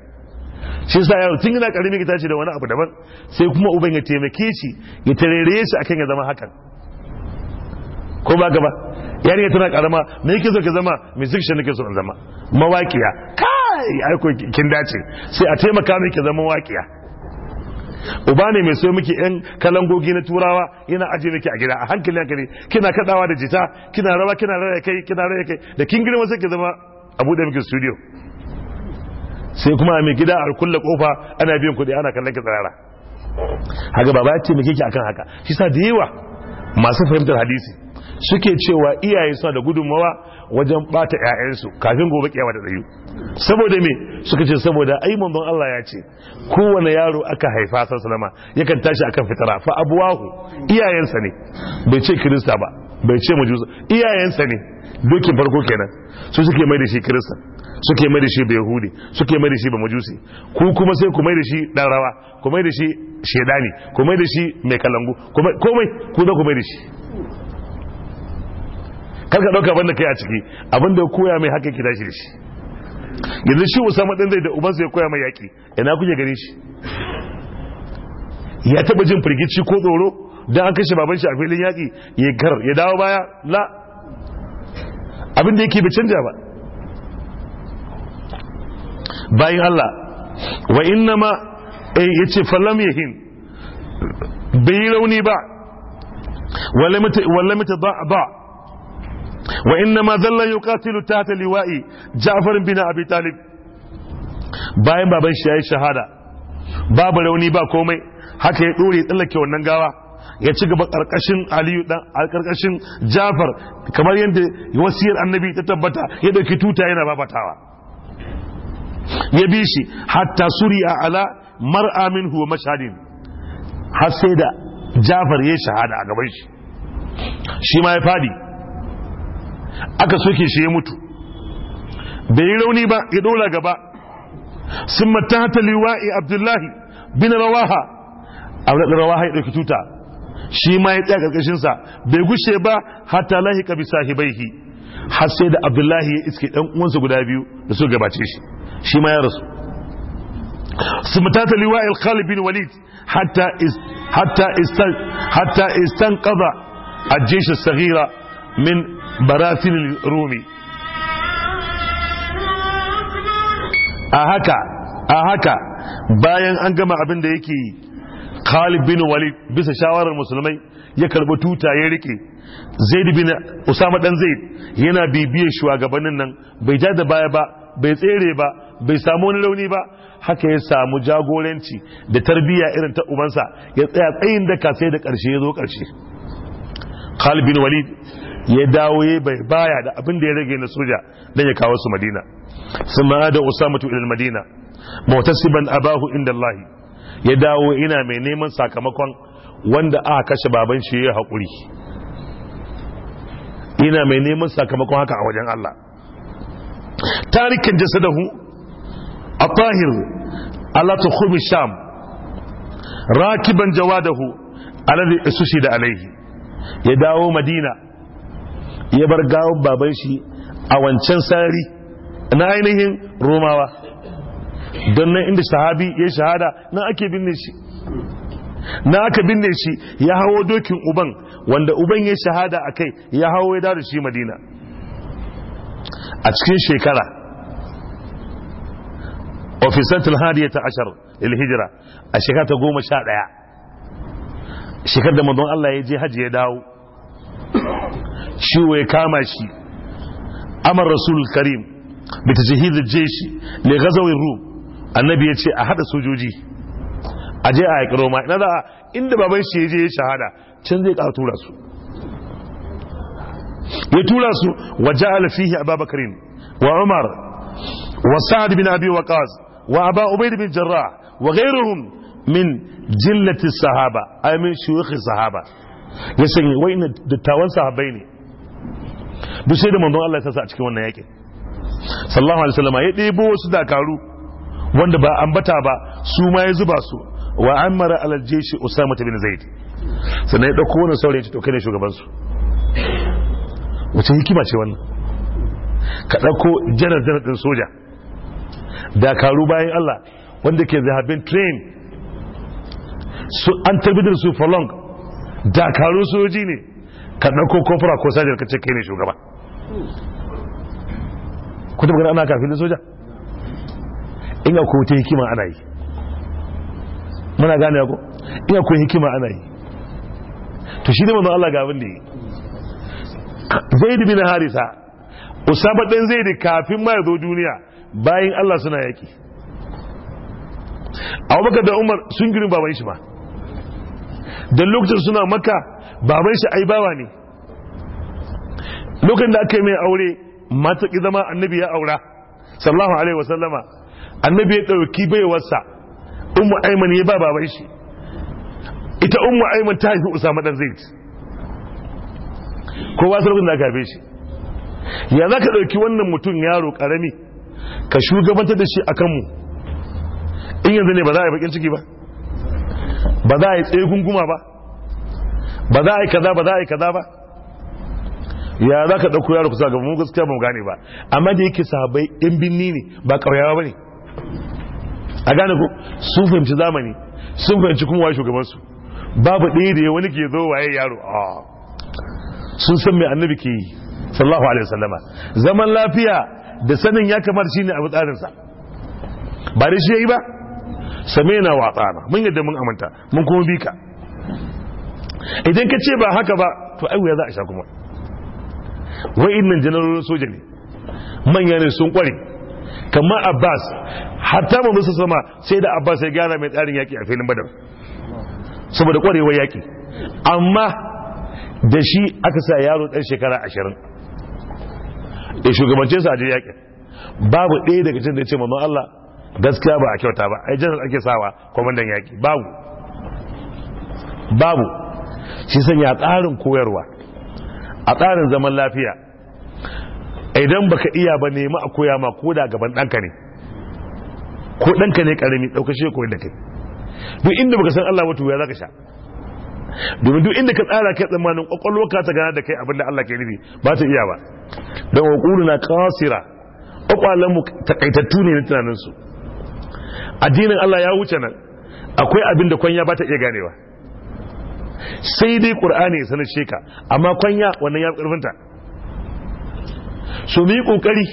shi sa yaro tun yana karami ka tashi da wani abu daban sai kuma uban ya taimake shi ya tarere shi akan ya zama hakan ko ba gaba yani ya tana karama me yake so ka zama musician nake so in zama mawaƙiya kai ai ko kin dace sai a taimaka ki zama mawaƙiya uba ne mai so miki yan kalangogi na turawa yana aje miki a gida a hankali hankali kina kadawa da jita kina rawa kina raya kai kina raya kai da kin girma sai ki zama a buɗe miki studio sai kuma a mai gida a kulle kofa ana biyan kuɗi ana kallon ki tsirara haka baba ya ce mai kike akan haka shi sa da yawa masu fahimtar hadisi suke cewa iyaye suna da gudunmawa wajen bata ƴaƴansu kafin gobe kiyama ta tsayu saboda me suka ce saboda ai manzon Allah ya ce kowane yaro aka haifa sallallahu salama yakan tashi akan fitara fa abuwahu iyayensa ne bai ce kirista ba bai ce majusa iyayensa ne dukkan farko kenan su suke mai da shi kirista suke mai da shi yahudi suke mai da shi ba majusi ku kuma sai ku mai da shi dan rawa ku mai da shi shedani ku mai da shi mai kalangu komai ku da ku mai da shi kar ka dauka abin kai a ciki abinda da koya mai haka ki da shi yanzu shi usama din zai da uban zai koya mai yaki ina kuke gare shi ya taba jin firgici ko tsoro don an kashe baban shi a filin yaƙi ya gar ya dawo baya la Abinda yake bai canja ba Bayan Allah wa inna ma yace eh, ya hin bai yi rauni ba wala mata ba ba wa inna ma Katilu, ta ta liwa'i Ja'far bin Abi Talib bayan baban shi ya yi shahada babu rauni ba komai haka ya dore tsallake wannan gawa ya ci gaba karkashin aliyu dan karkashin jafar kamar yadda wasiyar annabi ta tabbata ya dauki tuta yana babatawa ya bi shi hatta suriya ala mar'a minhu wa mashadin har sai da jafar ya shahada a gaban shi shi ma ya faɗi aka soke shi ya mutu bai yi rauni ba ya dora gaba sun mata liwa'i abdullahi bin rawaha a rawaha ya ɗauki tuta shi ma ya tsaya karkashin sa bai gushe ba hatta lahika bi sahibaihi har sai da abdullahi ya iske dan uwansa guda biyu da su gabace shi shi ma ya rasu سمتات لواء الخالد بن وليد hatta است... حتى استن... حتى استنقذ الجيش الصغير من rumi a haka a haka bayan an gama abin da yake yi Khalid bin Walid bisa shawarar musulmai ya karbi tuta ya rike Zaid bin Usama dan Zaid yana bibiyar shugabannin nan bai ja da baya ba bai tsere ba bai samu wani rauni ba haka ya samu jagoranci da tarbiyya irin ta ubansa ya tsaya tsayin ka sai da karshe ya zo karshe Khalid bin Walid ya dawo ya bai baya da abin da ya rage na soja dan ya kawo su Madina sun ma'ada Usama ila Madina mutasiban abahu inda Allahi. ya dawo ina mai neman sakamakon wanda aka kashe baban shi ya haƙuri ina mai neman sakamakon haka a wajen Allah tarikin jasadahu a tahir Allah ta sham rakiban jawadahu alladhi isushi da alaihi ya dawo madina ya bar gawon baban shi a wancan sarari na ainihin romawa don nan inda sahabi ya shahada nan ake binne shi na aka binne shi ya hawo dokin uban wanda uban ya shahada a kai ya hawo ya dawo shi madina a cikin shekara ofisantin hadiya ta ashar ilhijira a shekara ta goma sha ɗaya shekar da mazan Allah ya je hajji ya dawo ciwo ya kama shi amar rasul karim bita jihidar jeshi ne gazawin rum annabi ya ce a haɗa sojoji a je a yaƙi roma ina za inda baban shi ya je ya shahada can zai ƙara tura su ya tura su wa ja'ala fihi ababakarin wa umar wa sa'ad bin abi waqas wa aba ubayd bin jarrah wa ghayruhum min jillati sahaba ay min sahaba ya sanya wayna dattawan sahabbai ne duk sai da manzon Allah ya sa a cikin wannan yaƙin sallallahu alaihi wasallam ya ɗebo wasu dakaru wanda ba ambata ba su ma ya zuba su wa amara alal jeshi usama bin zaid sannan ya dauko wannan saurayi ta to kai ne shugaban su wace hikima ce wannan ka dauko janar janar din soja dakaru bayan Allah wanda ke they have been trained su an tarbitar su for long dakaru soji ne ka dauko kofura ko sajar ka ce kai ne shugaba kuma magana ana kafin soja in akwai wata hikima ana yi muna gane ko in akwai hikima ana yi to shi ne manzon Allah ga abin da yi zaid bin harisa usama dan zaid kafin ma ya zo duniya bayan Allah suna A abubakar da umar sun girin baban shi ba Da lokacin suna maka baban shi ai bawa ne lokacin da aka yi mai aure mata ki zama annabi ya aura sallallahu alaihi wasallama annabi ya ɗauki baiwarsa ummu aiman ya ba baban shi ita ummu aiman ta haifi usama dan zaid ko sai lokacin da aka haife shi ya za ka ɗauki wannan mutum yaro ƙarami ka shugabantar da shi a kanmu in yanzu ne ba za a yi bakin ciki ba ba za a yi tsaye gunguma ba ba za a yi kaza ba za a yi kaza ba ya za ka ɗauko yaro kusa ga mu gaskiya ba mu gane ba amma da yake sahabai yan binni ne ba ƙauyawa ba ne a gane ku sun fahimci zamani sun fahimci kuma wa shugabansu babu ɗaya da ya wani ke zo waye yaro sun san mai annabi ke yi sallahu alaihi wasallama zaman lafiya da sanin ya kamar ne abu tsarinsa ba da shi ya yi ba na wa tsana mun yadda mun aminta mun kuma bi ka idan ka ce ba haka ba to ai za a sha kuma nan janarorin soja ne manya ne sun kware kamar abbas hatta mu musu sama sai da abbas ya gyara mai tsarin yaki a filin badar saboda kwarewar yaki amma da shi aka sa yaro ɗan shekara ashirin da shugabancin sa a je yakin babu ɗaya daga cikin da ya ce mamman allah gaskiya ba a kyauta ba ai janar ake sawa kwamandan yaki babu babu shi sanya tsarin koyarwa a tsarin zaman lafiya idan baka iya ba nemi a koya ma ko da gaban ɗanka ne ko ɗanka ne ƙarami ɗauka shi koyi da kai duk inda baka san Allah wata wuya zaka sha domin duk inda ka tsara kai tsammanin ƙwaƙwalwa ka ta gana da kai abinda Allah ke nufi ba ta iya ba don wakuru na kasira ƙwaƙwalan mu takaitattu ne na tunanin su addinin Allah ya wuce nan akwai abin da kwanya ba ta iya ganewa sai dai ƙur'ani ya sanar sheka amma kwanya wannan ya ƙarfinta su mi kokari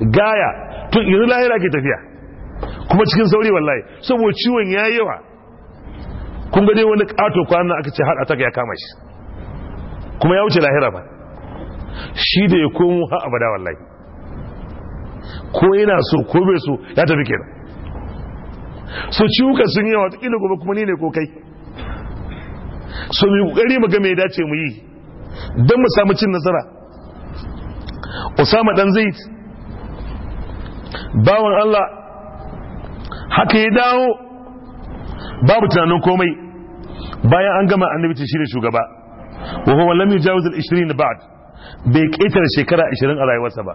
gaya tun yanzu lahira ke tafiya kuma cikin sauri wallahi saboda ciwon ya yi yawa kun ga dai wani kato kwanan aka ce har a ya kama shi kuma ya wuce lahira ba shi da ya komo har abada wallahi ko yana so ko bai so ya tafi kenan so ciwuka sun yawa wata kila gobe kuma ni ne ko kai so mu kokari mu ga me dace mu yi don mu samu cin nasara usama dan zaid bawan Allah haka ya dawo babu tunanin komai bayan an gama annabi ce shine shugaba wa huwa lam yujawiz al-20 ba'd bai ƙetare shekara 20 a rayuwarsa ba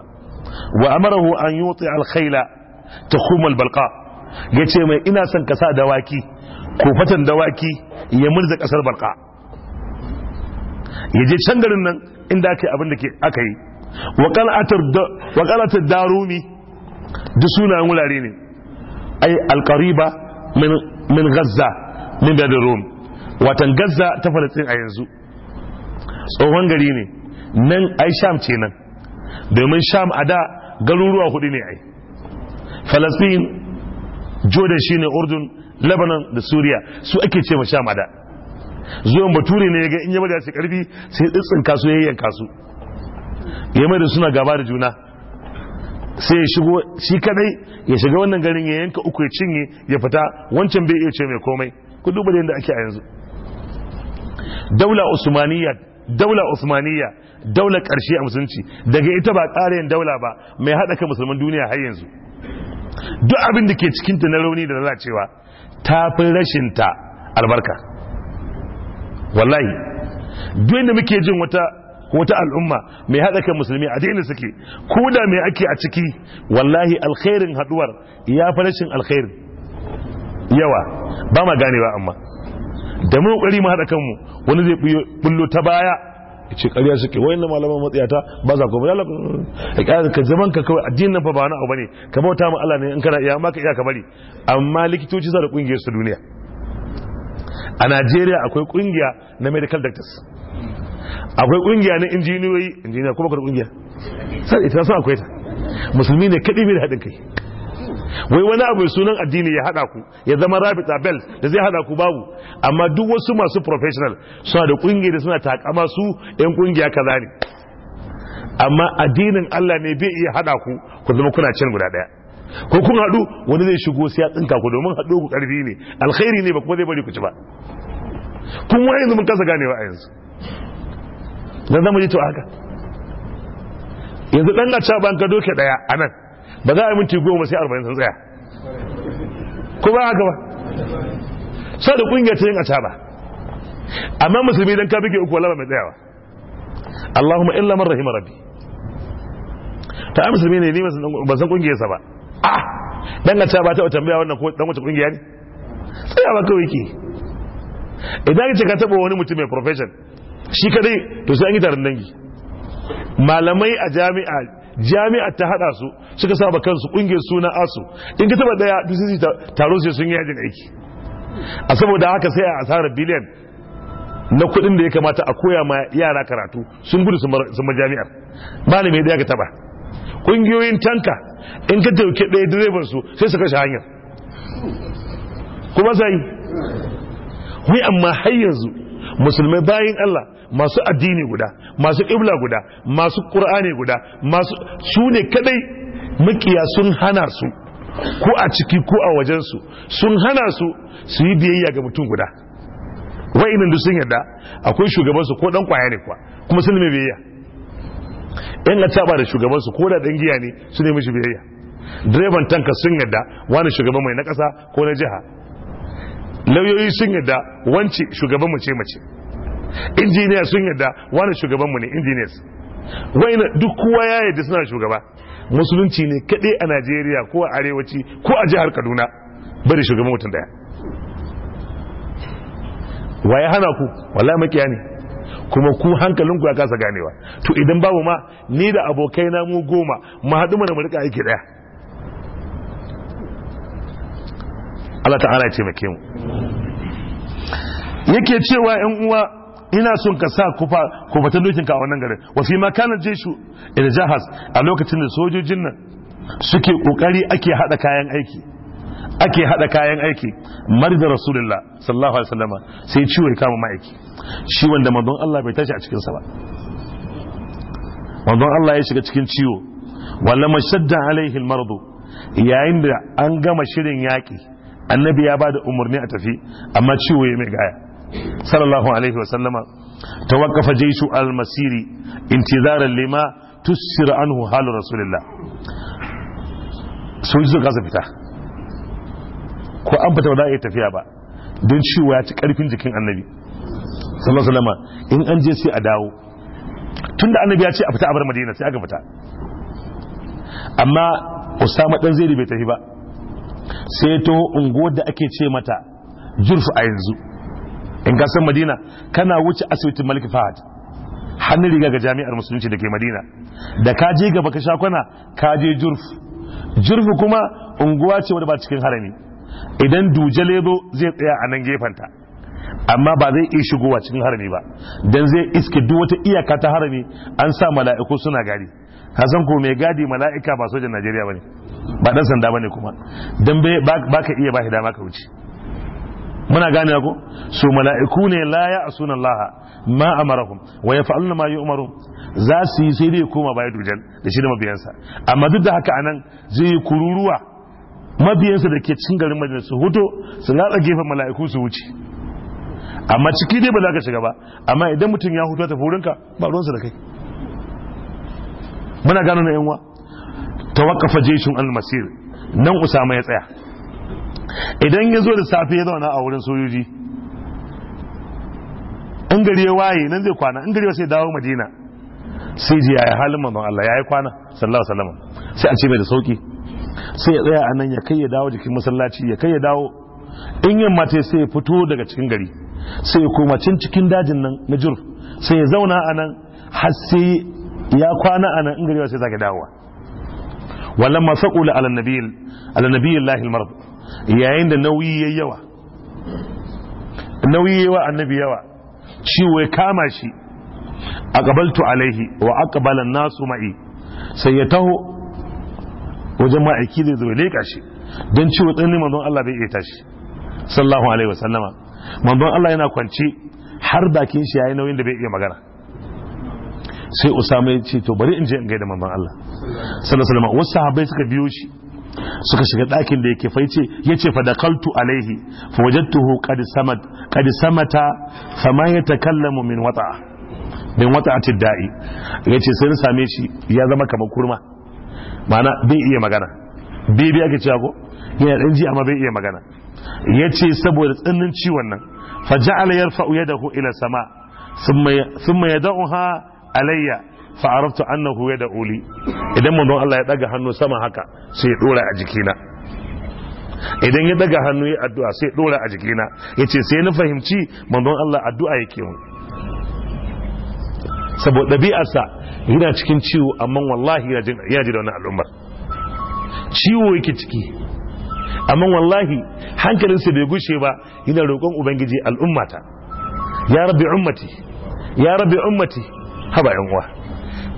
wa amarahu an yuti al-khayla tahum al-balqa yace mai ina son ka sa dawaki ko fatan dawaki ya murza kasar balqa Yaje je can garin nan inda ake abin da aka yi wakalatar darumi da suna wurare ne ai alkariba min gaza min da rum watan gaza ta falastin a yanzu tsohon gari ne nan ai sham ce nan domin sham a da garuruwa hudu ne ai falastin shi shine urdun lebanon da suriya su ake ce ma sham a da zuwan bature ne ga in ya bada su karfi sai tsitsin kasu ya yanka su ya mai da suna gaba da juna sai ya shigo shi kadai ya shiga wannan garin ya yanka uku ya cinye ya fita wancan bai iya ce mai komai ku duba da ake a yanzu daula usmaniya daula usmaniya daula karshe a musulunci daga ita ba ƙarayen daula ba mai haɗa ka musulman duniya har yanzu duk abin da ke ta na rauni da lalacewa ta fi rashin ta albarka wallahi duk inda muke jin wata Wata al'umma mai haɗa kan musulmi a duk suke ko da mai ake a ciki wallahi alkhairin haɗuwar ya fi rashin alkhairin yawa ba ma ganewa amma da mu ƙwari mu haɗa kanmu wani zai bullo ta baya ce ƙarya suke wayan malaman matsiyata ba za ku ba yalla ka zaman ka kawai addinin nan fa ba wani abu bane ka bauta ma Allah ne in kana iya maka iya ka amma likitoci za da kungiyar su duniya a Najeriya akwai ƙungiya na medical doctors akwai kungiya na injiniyoyi injiniya kuma kuma kungiya sai ita sun akwai ta musulmi ne kadi da hadin kai wai wani abu sunan addini ya hada ku ya zama rabita bel da zai hada ku babu amma duk wasu masu professional suna da kungiya da suna takama su yan kungiya kaza ne amma addinin Allah ne bai iya hada ku ku zama kuna cin guda daya ko kun hadu wani zai shigo sai ya tsinka ku domin hado ku karfi ne alkhairi ne ba kuma zai bari ku ci ba kun wani mun kasa ganewa a yanzu don zama to haka yanzu dan cewa ban ka doke daya a nan ba za a yi minti goma sai arba'in sun tsaya ko ba haka ba sa da kungiyar ta yin a ba amma musulmi dan ka bige uku wala ba mai tsayawa Allahumma illa man rahima rabbi ta ai musulmi ne ni ba san ah! kungiyarsa ba a dan a ba ta tambaya wannan ko dan wata kungiya ne tsayawa kawai ke idan ka ce ka wani mutum mai profession shi kadai to sai an yi taron dangi malamai a jami'a jami'a ta hada su suka saba kansu kungiyar suna asu in ka taba daya duk sai taro sai sun yajin aiki a saboda haka sai a asarar biliyan na kudin da ya kamata a koya ma yara karatu sun gudu su ma jami'ar malami daya ka taba kungiyoyin tanka in ka dauke daya direban su sai su kashe hanyar kuma sai wai amma har yanzu musulmai bayan Allah masu addini guda masu ƙibla guda masu ƙur'ani guda masu su ne kadai makiya sun hana su ko a ciki ko a wajensu sun hana su su yi biyayya ga mutum guda Wai inda sun yarda akwai shugabansu ko dan kwaya ne kuwa kuma sun mai biyayya yan ataba da shugabansu ko da dan giya ne su ne mishi biyayya direban tanka sun yarda wani shugaban mai na ƙasa ko na jiha lauyoyi sun yadda wance shugabanmu ce mace injiniya sun yadda wani shugabanmu ne engineers waina duk kowa ya yadda suna shugaba musulunci ne kaɗai a najeriya ko a arewaci ko a jihar kaduna bari shugaban mutum daya waye hana ku wallahi makiya ne kuma ku hankalinku ya kasa ganewa to idan babu ma ni da abokaina mu goma mu haɗu mana mu rika aiki daya Allah ta'ala ya taimake mu yake cewa yan uwa ina son ka sa kufa kufa ta dokin ka a wannan garin wa fi makana jeshu jahaz a lokacin da sojojin nan suke kokari ake hada kayan aiki ake hada kayan aiki marda rasulullah sallallahu alaihi wasallama sai ciwo ya kama aiki. shi wanda manzon Allah bai tashi a cikin sa ba manzon Allah ya shiga cikin ciwo wala mashadda alaihi almardu yayin da an gama shirin yaki annabi ya bada umarni a tafi amma ciwo ya mai gaya sallallahu alaihi wa sallama tawaqqafa jayshu al-masiri intizaran lima tusir anhu halu rasulillah sun ji kasa fita ko an fita ba za a yi tafiya ba don ciwo ya ci karfin jikin annabi sallallahu alaihi wa sallama in an je sai a dawo tunda annabi ya ce a fita a bar madina sai aka fita amma usama dan zaidi bai tafi ba sai to unguwar da ake ce mata jurf a yanzu in ka san madina kana wuce asibitin malik fahad hannu riga ga jami'ar musulunci da ke madina da ka je gaba ka sha kwana ka je jurf jurf kuma unguwa ce wadda ba cikin harami idan duje lebo zai tsaya a nan gefenta amma ba zai iya shigowa cikin harami ba dan zai iske duk wata iyaka ta harami an sa mala'iku suna gadi hasan ko mai gadi mala'ika ba sojan najeriya ba ne ba dan sanda bane kuma dan ba ka iya ba shi dama ka wuce muna gane ko su mala'iku ne la ya asuna Allah ma amarahum wa yaf'aluna ma yu'maru za su yi sai dai koma baya dujan da shi da mabiyansa amma duk da haka anan zai kururuwa mabiyansa da ke cikin garin Madina su huto su latsa gefen mala'iku su wuce amma ciki dai ba za ka shiga ba amma idan mutum ya huto ta furinka ba ruwansa da kai muna gano na yanuwa tawakkafa jeshin almasir nan usama ya tsaya idan ya zo da safe ya zauna a wurin sojoji in gari ya waye nan zai kwana in gari ya sai dawo madina sai ji ya halin manzon Allah yayi kwana sallallahu alaihi wasallam sai a ce mai da sauki sai ya tsaya anan ya kai ya dawo jikin masallaci ya kai ya dawo in yamma mata sai ya fito daga cikin gari sai ya koma cin cikin dajin nan na jur sai ya zauna anan har sai ya kwana anan in gari ya sai zaka dawowa walamma saqula ala nabiyil ala nabiyillahi almarad yayin da nauyi yayi yawa nauyi ya yawa annabi yawa ciwo ya kama shi aqbaltu alaihi wa aqbala nasu ma'i sai ya taho wajen ma'aiki zai zo ya leka shi don ciwo tsanin manzon Allah bai iya tashi sallallahu alaihi wasallama manzon Allah yana kwanci har bakin shi yayin nauyin da bai iya magana sai usama ya ce to bari in je in gaida manzon Allah sallallahu wasu sahabai suka biyo shi suka shiga ɗakin da yake faice ya ce kaltu alaihi fa wajadtuhu qad samat qad samata yatakallamu min wata min wata'atid da'i yace sai na same shi ya zama kamar kurma mana bai iya magana bai bai ake cewa ko yana dan ji amma bai iya magana yace saboda tsannin ciwon nan fa ja'ala yarfa'u yadahu ila sama thumma thumma yad'uha alayya fa arabtu annahu da li idan don Allah ya daga hannu sama haka sai ya dora a jikina idan ya daga hannu ya addu'a sai ya dora a jikina yace sai na fahimci don Allah addu'a yake mu saboda sa yana cikin ciwo amma wallahi yana ji da al'ummar ciwo yake ciki amma wallahi hankalinsa bai gushe ba yana roƙon ubangiji al'ummata ya rabbi ummati ya rabbi ummati haba yan uwa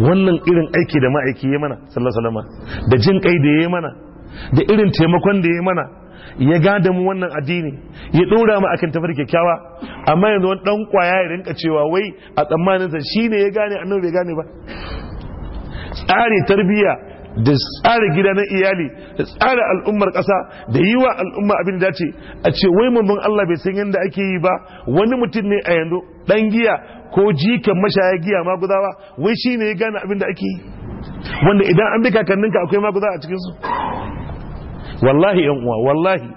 wannan irin aiki da ma'aiki ya mana sallallahu da jin kai da ya mana da irin taimakon da ya mana ya gada mu wannan addini ya dora mu akan tafar kyakkyawa amma yanzu wani dan kwaya ya rinka cewa wai a tsammanin sa shine ya gane annabi bai gane ba Tsari tarbiyya da tsara gida na iyali da tsara al'ummar ƙasa da yi wa al'umma abin da ce a ce wai mamman Allah bai san yadda ake yi ba wani mutum ne a yanzu ɗan giya ko jikan mashaya giya maguzawa wai shi ne ya gane abin da ake yi wanda idan an bi kakanninka akwai maguza a cikinsu wallahi yan uwa wallahi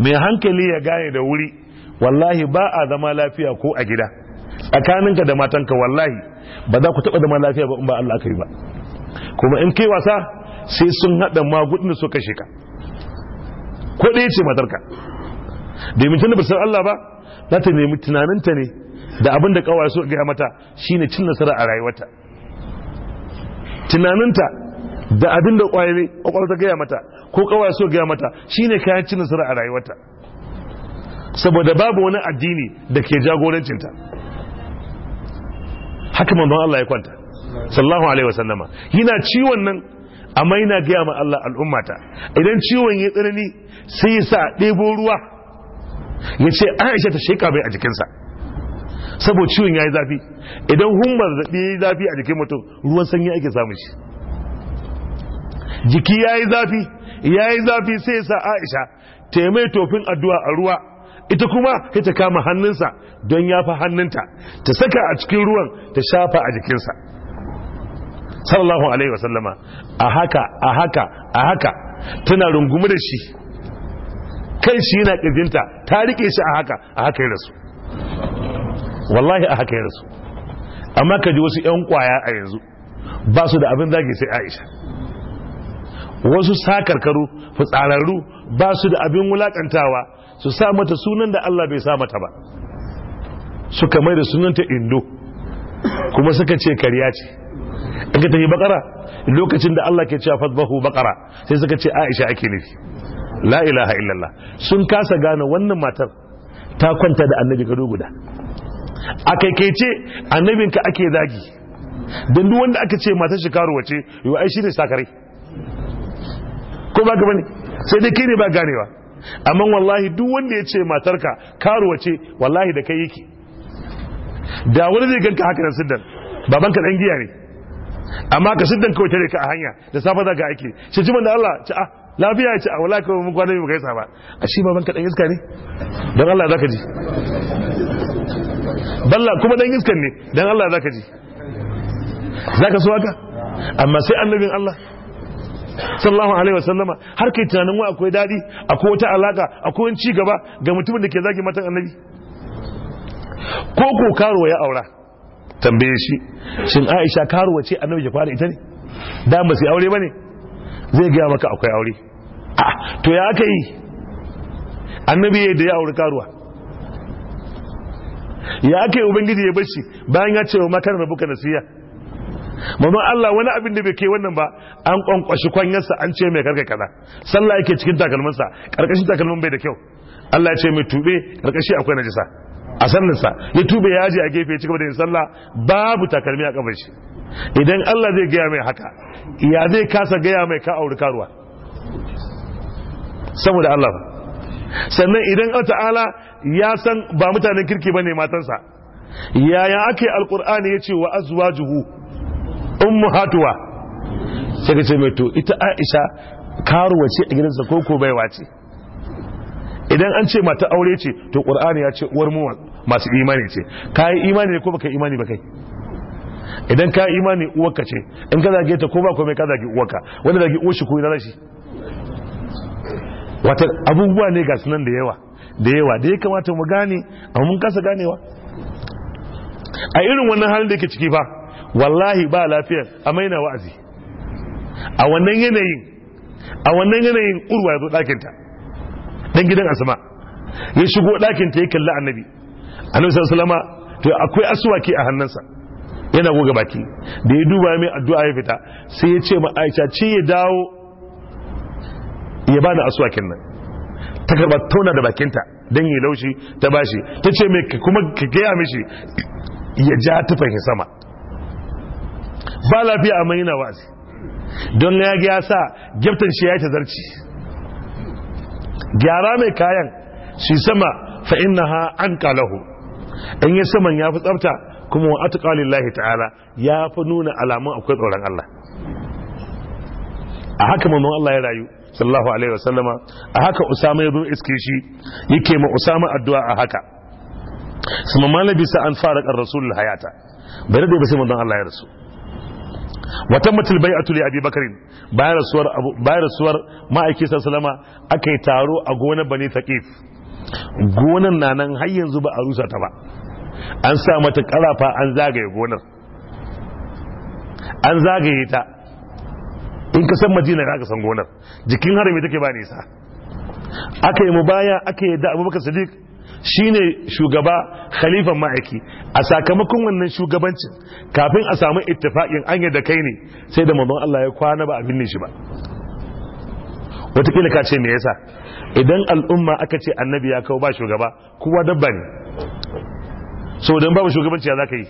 mai hankali ya gane da wuri wallahi ba a zama lafiya ko a gida tsakaninka da matanka wallahi ba za ku taɓa zama lafiya ba in ba Allah aka yi ba kuma in kai wasa sai sun haɗa magudin su kashe ka ko ɗaya ce matarka domin tun da san Allah ba za ta nemi tunaninta ne da abin da kawai su gaya mata shine cin nasara a rayuwarta tunaninta da abin da kwakwalwa ta gaya mata ko kawai so gaya mata shine kayan cin nasara a rayuwarta saboda babu wani addini da ke jagorancinta haka manzon Allah ya kwanta sallallahu alaihi wasallama yana ciwon nan amma yana gaya ma Allah al'ummata idan ciwon ya tsanani sai ya sa ɗebo ruwa ya ce Aisha ta sheka bai a jikinsa saboda ciwon ya yi zafi idan hummar zaɓe ya yi zafi a jikin mutum ruwan sanyi ake samun shi jiki ya yi zafi ya yi zafi sai ya sa Aisha ta yi mai tofin addu'a a ruwa ita kuma ya ta kama hannunsa don ya fi hannunta ta saka a cikin ruwan ta shafa a jikinsa sallallahu alaihi wasallama a haka a haka a haka tana rungumi da shi kai shi yana kirjinta ta rike shi a haka a haka ya rasu wallahi a haka ya rasu amma ka ji wasu 'yan kwaya a yanzu ba su da abin zage sai aisha wasu sakarkaru fitsararru ba su da abin wulaƙantawa, su sa mata sunan da Allah bai sa mata ba suka mai da sunanta indo kuma suka ce karya ce kaga tafi bakara lokacin da Allah ke cewa fadbahu bakara sai suka ce Aisha ake nufi la ilaha illallah sun kasa gane wannan matar ta kwanta da annabi gado guda a kaikaice annabin ka ake zagi don duk wanda aka ce matar shi karuwa ce yau ai ne sakare ko ba gaba bane sai dai kine ba ganewa amma wallahi duk wanda ya ce matarka karuwa ce wallahi da kai yake da wani zai ganka haka da siddan babanka dan giya ne amma ka siddan kawai tare ka a hanya da safa za ka aiki shi ci da Allah ci a ah, lafiya ya ci a ah, wallahi kawai mun yi bukai saba a shi ba banka dan iska ne dan Allah za ka ji balla kuma dan iska ne dan Allah za ka ji Za ka so haka amma sai annabin Allah sallallahu alaihi wasallama har kai tunanin wa akwai dadi akwai wata alaka akwai wani ci gaba ga mutumin da ke zagi matan annabi ko ko karo ya aura tambaye shi shin aisha karuwa ce annabi ke fara ita ne da ba su aure ba ne zai gaya maka akwai aure to ya aka yi annabi ya da ya aure karuwa ya aka yi ubangiji ya bashi bayan ya ce wa makar ka nasiya mamman Allah wani abin da bai kai wannan ba an kwankwashi kwanyarsa an ce mai karka kaza sallah yake cikin takalmansa karkashin takalman bai da kyau Allah ya ce mai tube karkashi akwai najisa a sallarsa ya tuba ya ji a gefe ya cigaba da yin sallah babu takalmi a kafar shi idan Allah zai gaya mai haka ya zai kasa gaya mai ka auri karuwa saboda Allah sannan idan Allah ta'ala ya san ba mutanen kirki ba ne matansa yaya ake alqur'ani yace wa azwajuhu ummahatuha sai ka ce mai to ita Aisha karuwa ce a gidansa ko ko baiwa ce idan an ce mata aure ce to qur'ani ya ce uwar masu imani ce ka yi imani ne ko baka imani ba kai idan ka imani uwarka ce in ka zage ta ko ba kai ka zage uwarka wanda zage uwar shi ko ina rashi wata abubuwa ne ga sunan da yawa da yawa da ya kamata mu gane amma mun kasa ganewa a irin wannan halin da yake ciki fa wallahi ba lafiyar a maina wa'azi a wannan yanayin a wannan yanayin urwa ya zo ɗakinta dan gidan asma ya shigo ɗakinta ya kalli annabi annabi sallallahu to akwai asuwaki a sa yana goga baki da ya duba mai addu'a ya fita sai ya ce ma Aisha ce ya dawo ya bani asuwakin nan ta karba tauna da bakinta dan yi laushi ta bashi ta ce mai kuma ka gaya mishi ya ja tufan sama ba lafiya amma yana wa'azi don ya ga sa gyaftan shi ya ta zarci gyara mai kayan shi sama fa innaha an kalahu in ya saman ya fi tsafta kuma wa atuqa lillahi ta'ala ya fi nuna alamun akwai tsoron Allah a haka mamman Allah ya rayu sallallahu alaihi wasallama a haka Usama ya zo iske shi yake ma Usama addu'a a haka sama malabi sa an fara kan rasulul hayata bai da sai mamman Allah ya rasu wata matul bai'atu li abi bakarin bayar rasuwar bayan rasuwar aka sallama taro a gonar bani thaqif gonan na nan har yanzu ba a rusa ta ba an sa mata karafa an zagaye gonar an zagaye ta in ka san madina ka san gonar jikin harami take ba nisa aka yi mubaya aka yi da abubakar sadiq shine shugaba khalifan ma'aiki a sakamakon wannan shugabancin kafin a samu ittifaqin an yadda kai ne sai da manzon Allah ya kwana ba abin ne shi ba Wata kila ka ce me yasa idan al'umma aka ce annabi ya kawo ba shugaba kowa dabba ne so don babu shugabanci ya za ka yi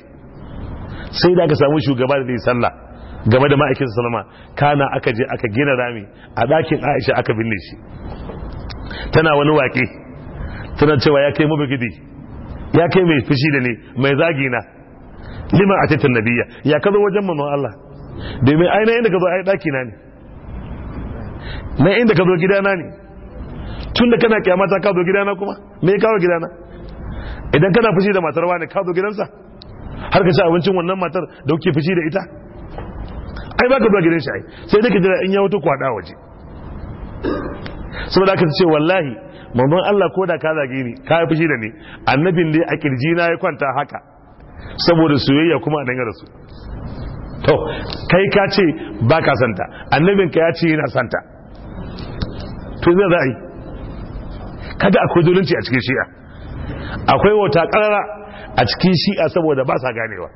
sai da aka samu shugaba da zai sallah game da ma'aikin salama kana aka je aka gina rami a ɗakin aisha aka binne shi tana wani waƙe tana cewa ya kai mu mabugidi ya kai mai fushi da ne mai zagi na lima a titin nabiya ya ka zo wajen mamman Allah domin ainihin da ka zo ai ɗaki na ne na inda ka zo gidana ne tun da kana kyamata ka zo gidana kuma me ya kawo gidana idan kana fushi da matar wani ka zo gidansa har ka ci abincin wannan matar da kuke fushi da ita ai baka zuwa gidan shi sai dai ka jira in ya wuto kwada waje saboda aka ce wallahi mamman Allah ko da ka zage ni ka fushi da ni annabin dai a kirji na ya kwanta haka saboda soyayya kuma a dangare su to kai ka ce ba ka santa annabin ka ya ce yana santa to zai za a yi kada akwai zalunci a cikin shi'a akwai wata karara a cikin shi'a saboda ba sa ganewa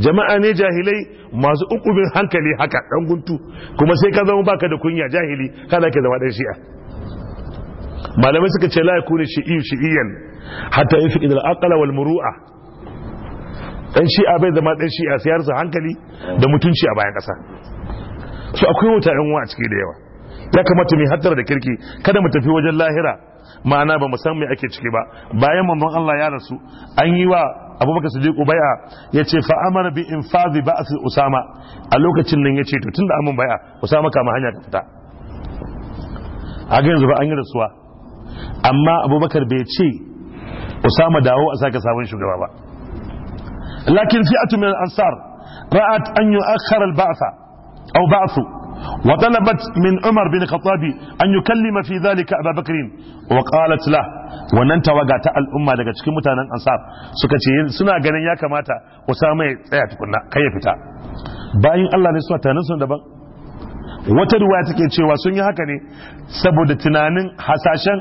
jama'a ne jahilai masu ukubin hankali haka dan guntu kuma sai ka zama baka da kunya jahili kada ka zama dan shi'a malamai suka ce la yakuni shi'i shi'iyan hatta yafiq al aqla wal muru'a dan shi'a bai zama dan shi'a sai yarsa hankali da mutunci a bayan kasa so akwai wata yan a ciki da yawa ya kamata mu hattar da kirki kada mu tafi wajen lahira ma'ana ba mu san me ake ciki ba bayan manzon Allah ya rasu an yi wa abubakar sadiq bai'a ya ce fa amara bi infazi ba'ath usama a lokacin nan ya ce to tunda amin bai'a usama kama hanya ka fita a ga yanzu ba an yi rasuwa amma abubakar bai ce usama dawo a sake sabon shugaba ba lakin fi'atu min ansar ra'at an yu'akhkhara al-ba'tha aw ba'thu وطلبت من عمر بن kalli أن يكلم في ذلك أبا بكر وقالت له wannan tawaga ta al'umma daga cikin mutanen ansar suka ce suna ganin ya kamata usama ya tsaya tukunna kai ya fita bayan Allah ne suwa tanin sun daban wata ruwa take cewa sun yi haka ne saboda tunanin hasashen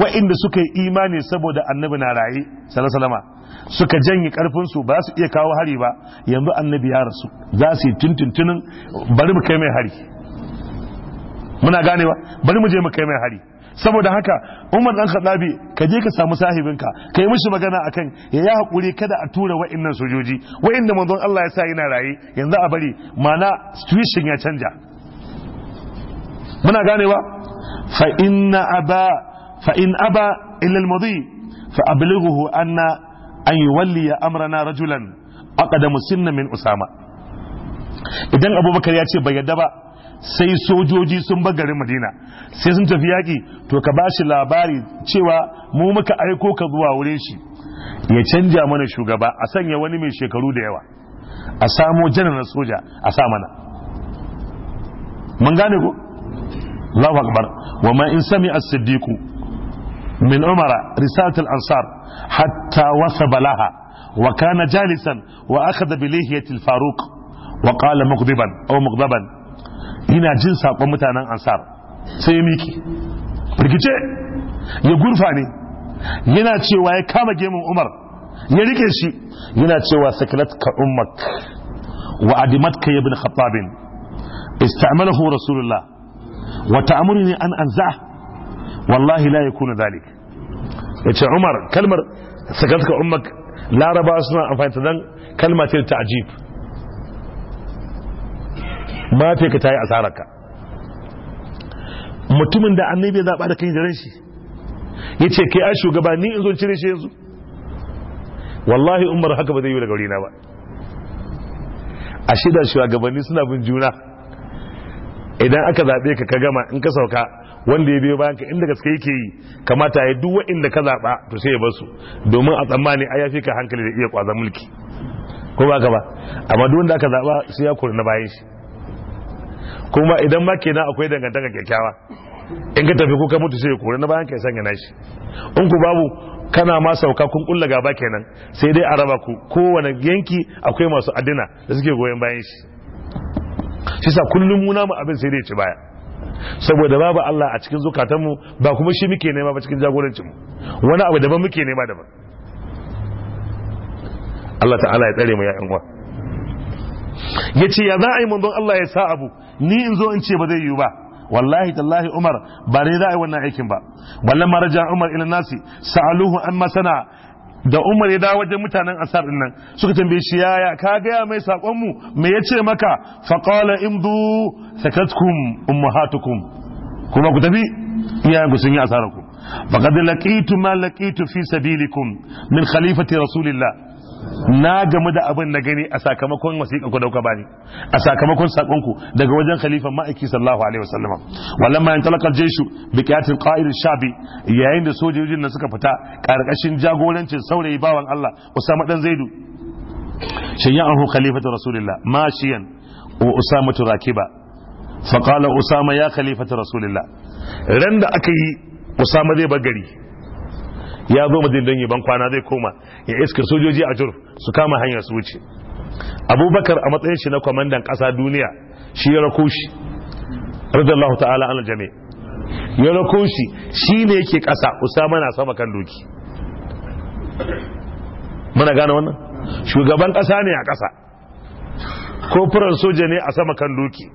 wa'inda suka yi imani saboda annabi na raye salama suka janye karfinsu ba su iya kawo hari ba yanzu annabi ya rasu za su yi tunin bari mu kai mai hari muna ganewa bari mu je mu kai mai hari saboda haka umar dan khattabi ka je ka samu sahibinka ka yi mishi magana akan ya yi hakuri kada a tura wa'annan sojoji wa'inda manzon Allah ya sa yana raye yanzu a bari mana situation ya canja muna ganewa fa inna aba fa in aba illa al-madi fa ablighuhu anna an yuwalli amrana rajulan aqdamu sinna min usama idan abubakar ya ce bai yadda ba sai sojoji sun ba garin madina sai sun tafi yaƙi to ka ba shi labari cewa mu muka aiko ka zuwa wurin shi ya canja mana shugaba a sanya wani mai shekaru da yawa a samo janar soja a sa mana mun gane ku? Allahu akbar wa ma in sami as min umara risalat al-ansar hatta wasa Balaha. wa kana jalisan wa akhadha bi lihiyati al-faruq wa qala mughdiban yana jin sakon mutanen ansar sai ya miki rikice ya gurfa ne yana cewa ya kama gemun umar ya rike shi yana cewa sakilat ka ummak wa adimat ka ibn khattabin istamalahu rasulullah wa ta'amurni an anza wallahi la yakunu dhalik yace umar kalmar sakilat ka ummak laraba suna amfani ta dan kalma ce ta tajib mace ka tayi asarar ka mutumin da annabi ya zaba da kan jiran shi yace kai a shugaba ni in zo cire shi yanzu wallahi umar haka ba zai yi daga na ba a shida shugabanni suna bin juna idan aka zaɓe ka ka gama in ka sauka wanda ya biyo bayan ka inda gaske yake yi kamata ya duk wa'inda ka zaɓa to sai ya bar domin a tsammani a yafi ka hankali da iya kwazan mulki ko ba ka ba amma duk wanda aka zaɓa sai ya kurna na bayan shi kuma idan ma akwai dangantaka kyakkyawa in ka tafi ka mutu sai kore na bayan ka sanya nashi in ku babu kana ma sauka kun kulla gaba kenan sai dai a raba ku kowane yanki akwai masu adina da suke goyon bayan shi shi sa kullum muna mu abin sai dai ci baya saboda babu Allah a cikin zukatanmu ba kuma shi muke nema ba cikin jagorancin mu wani abu daban muke nema daban Allah ta'ala ya tsare mu ya uwa ya ce ya za a yi manzon Allah ya sa abu ni in zo in ce ba zai yiwu ba wallahi tallahi umar ba dai za a yi wannan aikin ba wallan marajan umar ila nasi sa'aluhu amma da umar ya dawo wajen mutanen asar din nan suka tambaye shi yaya ka gaya mai sakon mu me yace maka fa qala imdu sakatkum ummahatukum kuma ku tafi iyayenku sun yi asarar ku faqad laqitu ma laqitu fi sabilikum min khalifati rasulillah na gamu da abin na gani a sakamakon wasiƙa ku dauka bani a sakamakon sakonku daga wajen khalifan ma'aiki sallallahu alaihi wasallam wallan ma yantalaka jayshu bi qiyatil qa'id shabi yayin da sojojin nan suka fita karkashin jagorancin saurayi bawan Allah Usama dan Zaidu Shin ya shayyahu khalifatu rasulillah mashiyan wa Usama turakiba fa qala Usama ya khalifatu rasulillah ran da aka yi Usama zai bar gari ya zo madina don yi ban kwana zai koma ya iska sojoji a jur su kama hanyar su wuce abubakar a matsayin shi na kwamandan ƙasa duniya shi ya rako shi radallahu ta'ala an jami ya rako shi shi ne yake ƙasa usama na sama kan doki muna gane wannan shugaban ƙasa ne a ƙasa ko furan soja ne a sama kan doki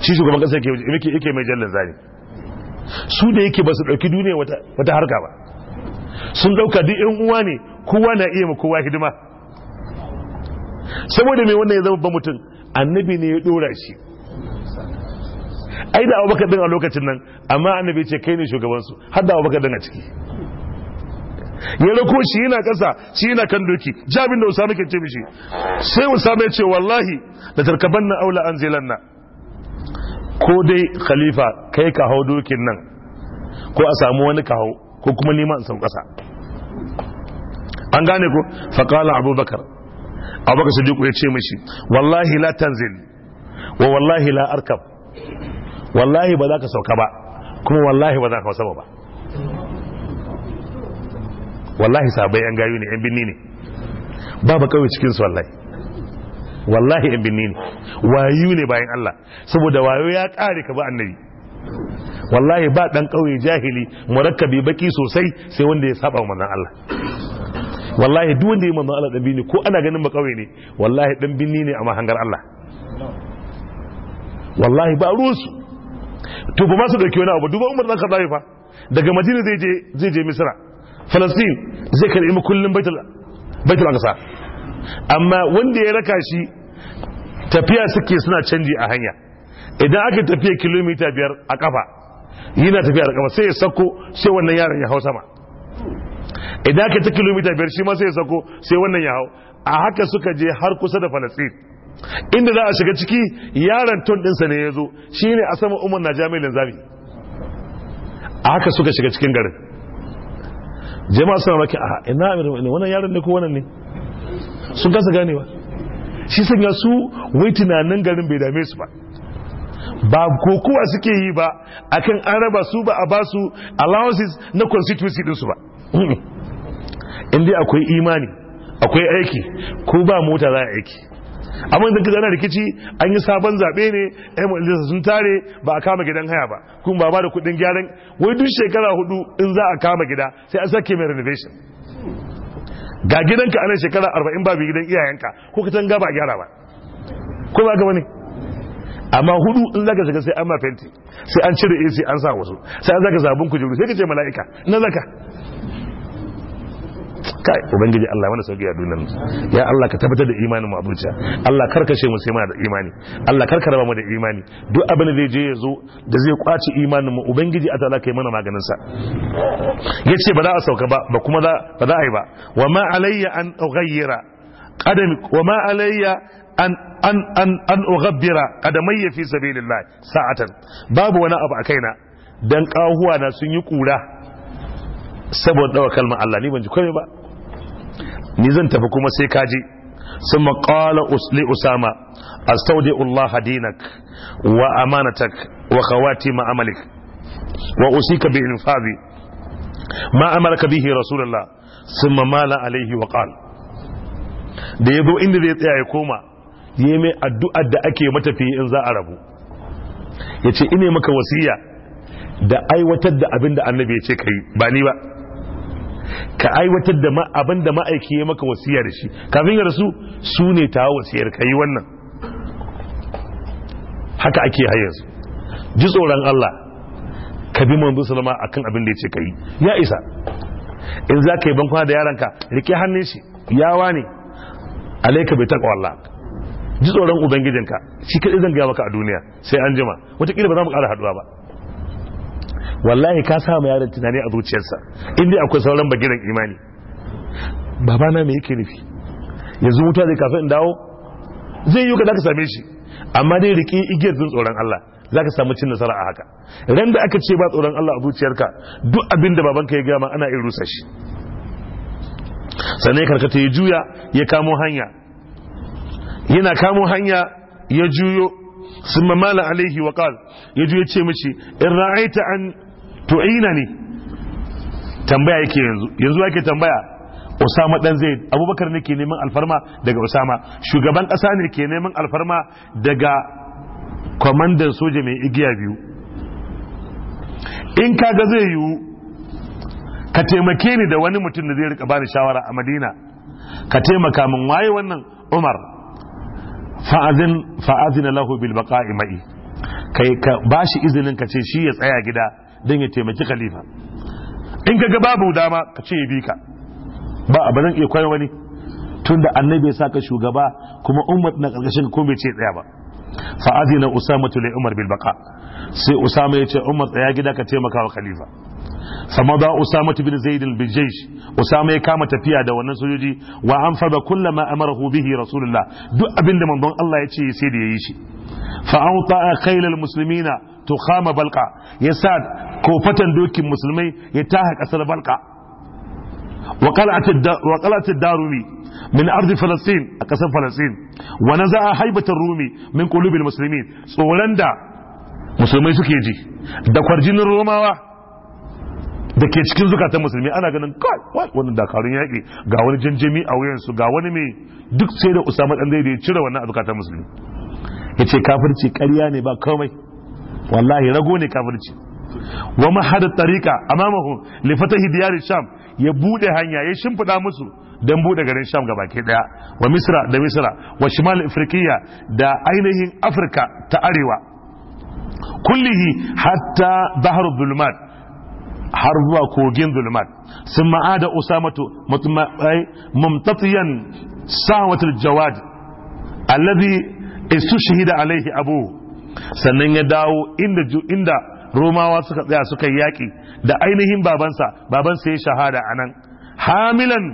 shi shugaban ƙasa yake mai jallin zane su da yake ba su ɗauki duniya wata harka ba sun dauka duk yan uwa ne kowa na iya ma kowa hidima saboda mai wannan ya zama ba mutum annabi ne ya dora shi ai da abubakar din a lokacin nan amma annabi ce kai ne shugabansu har da abubakar din a ciki ya rako shi yana kasa shi yana kan doki jabin da usama ke ce mishi sai usama ya ce wallahi da tarkaban na aula an na ko dai khalifa kai ka hau dokin nan ko a samu wani ka hau ko kuma neman sau kasa. an gane ko faqala abubakar abubakar sadiq ya ce mishi wallahi la tanzil wa wallahi la arkab wallahi ba za ka sauka ba kuma wallahi ba za ka sama ba wallahi sabai yan gayu ne yan binni ne Baba kawai cikin su wallahi wallahi yan binni ne wayu ne bayan Allah saboda wayo ya kare ka ba annabi wallahi ba dan kauye jahili murakkabi baki sosai sai wanda ya saba manzon Allah wallahi duk wanda ya manzon Allah dan binni ko ana ganin makawai ne wallahi dan binni ne a mahangar Allah wallahi ba ruwansu to ba su dauki wani abu duba umar dan khattabi fa daga madina zai je zai je misra falastin zai mu makullin baitul baitul aqsa amma wanda ya raka shi tafiya suke suna canji a hanya idan aka tafiya kilomita biyar a kafa yana tafiya a kafa sai ya sako sai wannan yaron ya hau sama idan aka ta kilomita biyar shi ma sai ya sako sai wannan ya hau a haka suka je har kusa da falastin inda za a shiga ciki yaran ton ɗinsa ne ya zo shi ne a sama umar na jami'in Lanzami. a haka suka shiga cikin garin jama'a suna maki a ina amirin ne wannan yaron ne ko wannan ne sun kasa ganewa shi ya su wai tunanin garin bai dame su ba ba kokowa suke yi ba akan an raba su ba a basu allowances na constituency ɗinsu ba in dai akwai imani akwai aiki ko ba mota za a aiki amma idan kaza ana rikici an yi sabon zabe ne ai majalisa sun tare ba a kama gidan haya ba kuma ba ba da kudin gyaran wai duk shekara hudu in za a kama gida sai an sake mai renovation ga gidanka ana shekara 40 ba bi gidan iyayenka ko ka tanga ba gyara ba ko ba ga wani amma hudu in zaka shiga sai an ma fenti sai an cire AC an sa wasu sai an zaka sabon kujeru sai ka ce mala'ika na zaka kai ubangiji Allah wanda sauki a duniyar ya Allah ka tabbatar da imanin mu abuja Allah karkashe mu sai mana da imani Allah karka raba mu da imani duk abin da zai je ya zo da zai kwaci imanin mu ubangiji a ta'ala kai mana maganin sa yace ba za a sauka ba ba kuma ba za a yi ba wa ma alayya an ughayyira qadami wa ma alayya an an an an ughabbira fi sabilillah sa'atan babu wani abu a kaina dan kahuwa na sun yi kura saboda dawa kalmar Allah ni ban ji komai ba ni zan tafi kuma sai ka je sun maƙala usli usama astaudi Allah dinak wa amanatak wa khawati ma wa usika bi infabi ma amarka bihi rasulullah sun mamala alaihi wa qal da ya zo inda zai tsaya ya koma ya mai addu'ar da ake matafi in za a rabu ya ce ine maka wasiya da aiwatar da abin da annabi ya ce ka yi ba ni ba ka aiwatar da abin da ma'aiki ya maka wasiya da shi kafin ya rasu su ne ta wasiyar ka yi wannan haka ake hayyansu ji tsoron Allah ka bi manzo a akan abin da ya ce ka yi ya isa in za ka yi bankuna da yaranka rike hannun shi yawa ne alaika bai taɓa Allah ji tsoron ubangijinka shi kaɗai zan gaya maka a duniya sai an jima wataƙila ba za mu ƙara haɗuwa ba wallahi ka sa yaron tunani a zuciyarsa in dai akwai sauran bagiran imani babana me yake nufi yanzu mutuwa zai kafin in dawo zai yi ka da ka same shi amma dai rike igiyar jin tsoron Allah za ka samu cin nasara a haka ran da aka ce ba tsoron Allah a zuciyarka duk abin da babanka ya gama ana in rusa shi sannan ya karkata ya juya ya kamo hanya yana kamo hanya ya juyo sun mamala alaihi wa ya juya ce mishi in ra'aita an To ina ne tambaya yake yanzu yanzu yake tambaya Usama dan Zaid Abubakar ne ke neman alfarma daga Usama shugaban kasa ne ke neman alfarma daga kwamandan soja mai igiya biyu in kaga zai yiwu ka taimake ni da wani mutum da zai rika bani shawara a Madina ka taimaka min waye wannan Umar fa'azin fa'azina lahu bil baqa'i ma'i kai ka bashi izinin ka ce shi ya tsaya gida don ya taimaki khalifa in ka ga babu dama ka ce ya bi ka ba a bazan iya kwayo wani tun da annabi ya saka shugaba kuma ummat na karkashin ko bai ce tsaya ba fa azina usama li umar bil baqa sai usama ce umar tsaya gida ka taimaka wa khalifa sama da usama bin zaid bil jaysh usama ya kama tafiya da wannan sojoji wa anfada kullama amarahu bihi rasulullah duk abinda manzon Allah ya ce sai da yayi shi fa awta khayl al muslimina to khama balka ya sa kofatan dokin musulmai ya taha kasar balka وقلعت الدارمي من أرض فلسطين أكسر فلسطين ونزع هيبة rumi من قلوب المسلمين tsoron da musulmai suke ji da kwarjinin romawa da ke cikin zukatan musulmi ana ganin kai wani dakarun yaƙi ga wani janjami a wuyansu ga wani mai duk sai da usama ɗan da ya cire wannan a zukatan musulmi ya ce kafirci ƙarya ne ba komai wallahi rago ne kafirci wa mahada tarika amamahu li fatahi diyar sham ya bude hanya ya shimfida musu dan bude garin sham gabaki daya wa misra da misra wa shimal afrikiya da ainihin afirka ta arewa kullihi hatta bahru dhulumat har zuwa kogin zulmat sun ma'ada usamatu mumtatiyan sawatul jawad alladhi istushhida alaihi abu sannan ya dawo inda inda romawa suka tsaya suka yaki da ainihin babansa babansa ya shahada a nan hamilan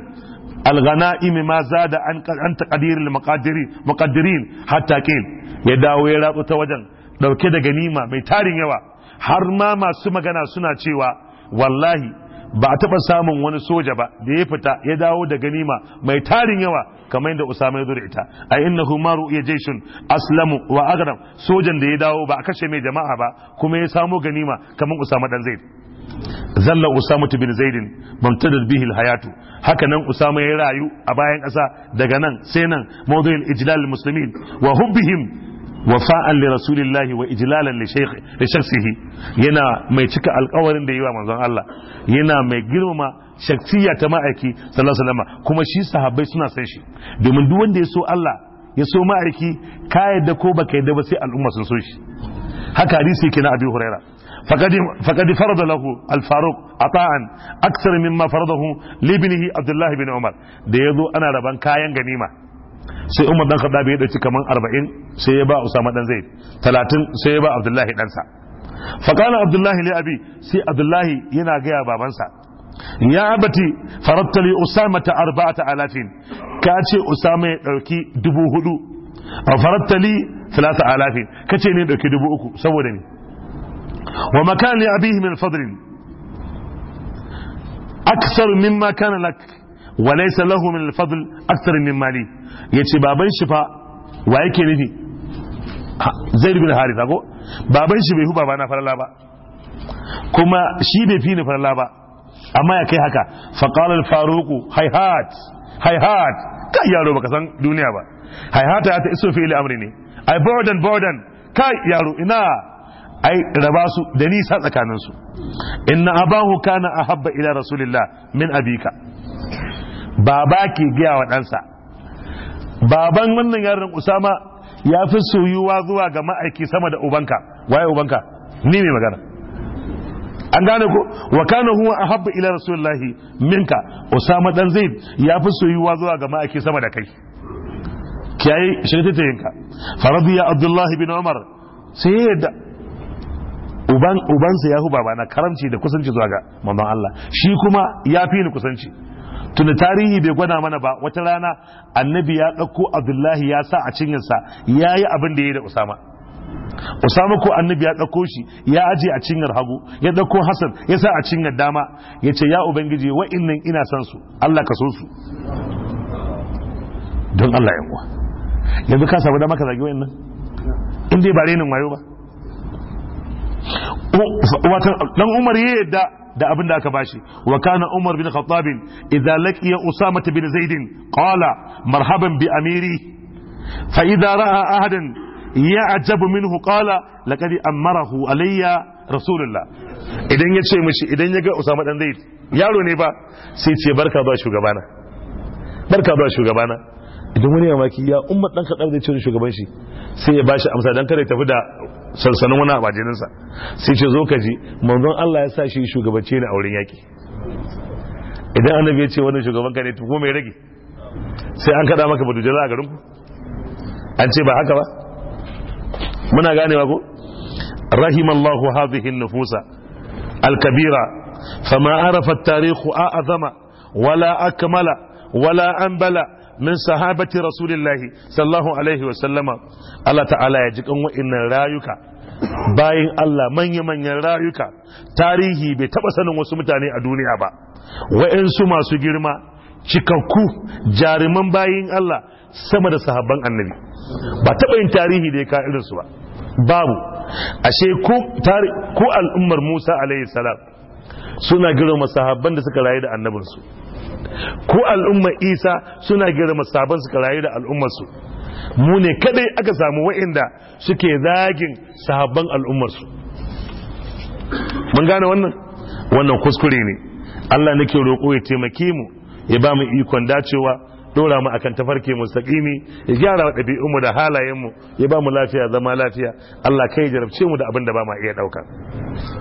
alghana'imi ma zada an an taqdiril maqadirin muqaddirin hatta kin ya dawo ya ratsu ta wajen dauke da ganima mai tarin yawa har ma masu magana suna cewa wallahi ba a taɓa samun wani soja ba da ya fita ya dawo da ganima mai tarin yawa kamar yadda usama ya zo da ita a innahu ma je jaishun aslamu wa agram sojan da ya dawo ba a kashe mai jama'a ba kuma ya samo ganima kamar usama dan zaid zalla usama bin zaidin bamtadar bihi hayatu haka nan usama ya rayu a bayan ƙasa daga nan sai nan mawdu'il ijlal muslimin wa hubbihim wafa'an li rasulillahi wa ijlalan li shakhsihi yana mai cika alkawarin da yi wa manzon Allah yana mai girmama shakhsiyya ta ma'aiki sallallahu alaihi wasallam kuma shi sahabbai suna san shi domin duk wanda ya so Allah ya so ma'aiki ka yadda ko baka yadda ba sai al'umma sun so shi haka hadisi yake na Abi Huraira فقد فرض له الفاروق عطاء اكثر مما فرضه لابنه عبد الله بن عمر da yazo ana raban kayan ganima sai umar dan khattab ya dauki kaman 40 sai ya ba usama dan zaid 30 sai ya ba abdullahi dan sa fa kana abdullahi li abi sai abdullahi yana gaya babansa ya abati faradta li usama ta arba'ata alafin ka ce usama ya dauki dubu hudu a faradta li thalatha alafin ka ce ne dauki dubu uku saboda ni wa makan li abihi min fadlin aksar mimma kana lak wa laysa lahu min al-fadl akthar min mali yace baban shi fa wa yake nufi zaid bin haritha ko baban shi bai hu babana na farla ba kuma shi bai fi ni farla ba amma ya kai haka faqala al-faruq hayhat hayhat kai yaro baka san duniya ba ya ta iso fi al-amri ne ai bordan bordan kai yaro ina ai raba su da nisa tsakaninsu inna abahu kana ahabba ila rasulillah min abika baba ke gaya wa ɗansa baban wannan yaron usama ya fi soyuwa zuwa ga ma'aiki sama da ubanka waye ubanka ni mai magana an gane ko wa kana huwa ahabba ila rasulullahi minka usama dan zaid ya fi soyuwa zuwa ga ma'aiki sama da kai kiyaye yinka faradiya abdullahi bin umar sai yadda uban ubansa ya baba babana karamci da kusanci zuwa ga manzon Allah shi kuma ya fi ni kusanci tunda tarihi bai gwada mana ba wata rana annabi ya ɗauko abdullahi ya sa a cinyarsa ya yi abin da ya yi da usama usama ko annabi ya ɗauko shi ya aje a cinyar hagu ya ɗauko hassan ya sa a cinyar dama ya ce ya ubangiji wa'innan ina san su allah ka so su don allah yan uwa yanzu ka samu dama ka zagi nan, in dai ba rainin wayo ba dan umar ya yadda da abin da aka bashi wa kana umar bin khattab idza laqiya usama bin zaid qala marhaban bi amiri fa idza ra'a ahadan ya'jabu minhu qala laqad amarahu alayya rasulullah idan ya ce mishi idan ya ga usama dan zaid yaro ne ba sai ce barka ba shugabana barka ba shugabana idan wani ya maki ya ummar dan ka dauke ce shugaban shi sai ya bashi amsa dan kada ya tafi da sansanin wani abajininsa sai ce zo ka ji manzon Allah ya sa shi shugabanci ne a wurin yaƙi idan annabi ya ce wannan shugaban ka ne to mai rage sai an kada maka badujala a garin ku an ce ba haka ba muna ganewa ko rahimallahu hadhihi nufusa al-kabira fama arafa at-tarikh a'azama wala akmala wala anbala min sahabati rasulillahi sallallahu alaihi wa sallama Allah ta'ala ya ji kan wa'annan rayuka bayin Allah manya-manyan rayuka tarihi bai taba sanin wasu mutane a duniya ba wa'ansu masu girma cikakku jaruman bayin Allah sama da sahabban annabi ba taba yin tarihi da ya ka irinsu ba babu ashe ko al'ummar Musa alaihi salam suna girma sahabban da suka rayu da annabinsu ko al'ummar isa suna girma sabon su rayu da al'ummarsu mu ne kadai aka samu wa'inda suke zagin sahabban al'ummarsu mun gane wannan wannan kuskure ne allah nake roƙo ya taimake mu ya ba mu ikon dacewa dora mu akan tafarki mustaqimi ya gyara ɗabi'un mu da halayen mu ya ba mu lafiya zama lafiya Allah kai jarabce mu da abin da ba ma iya dauka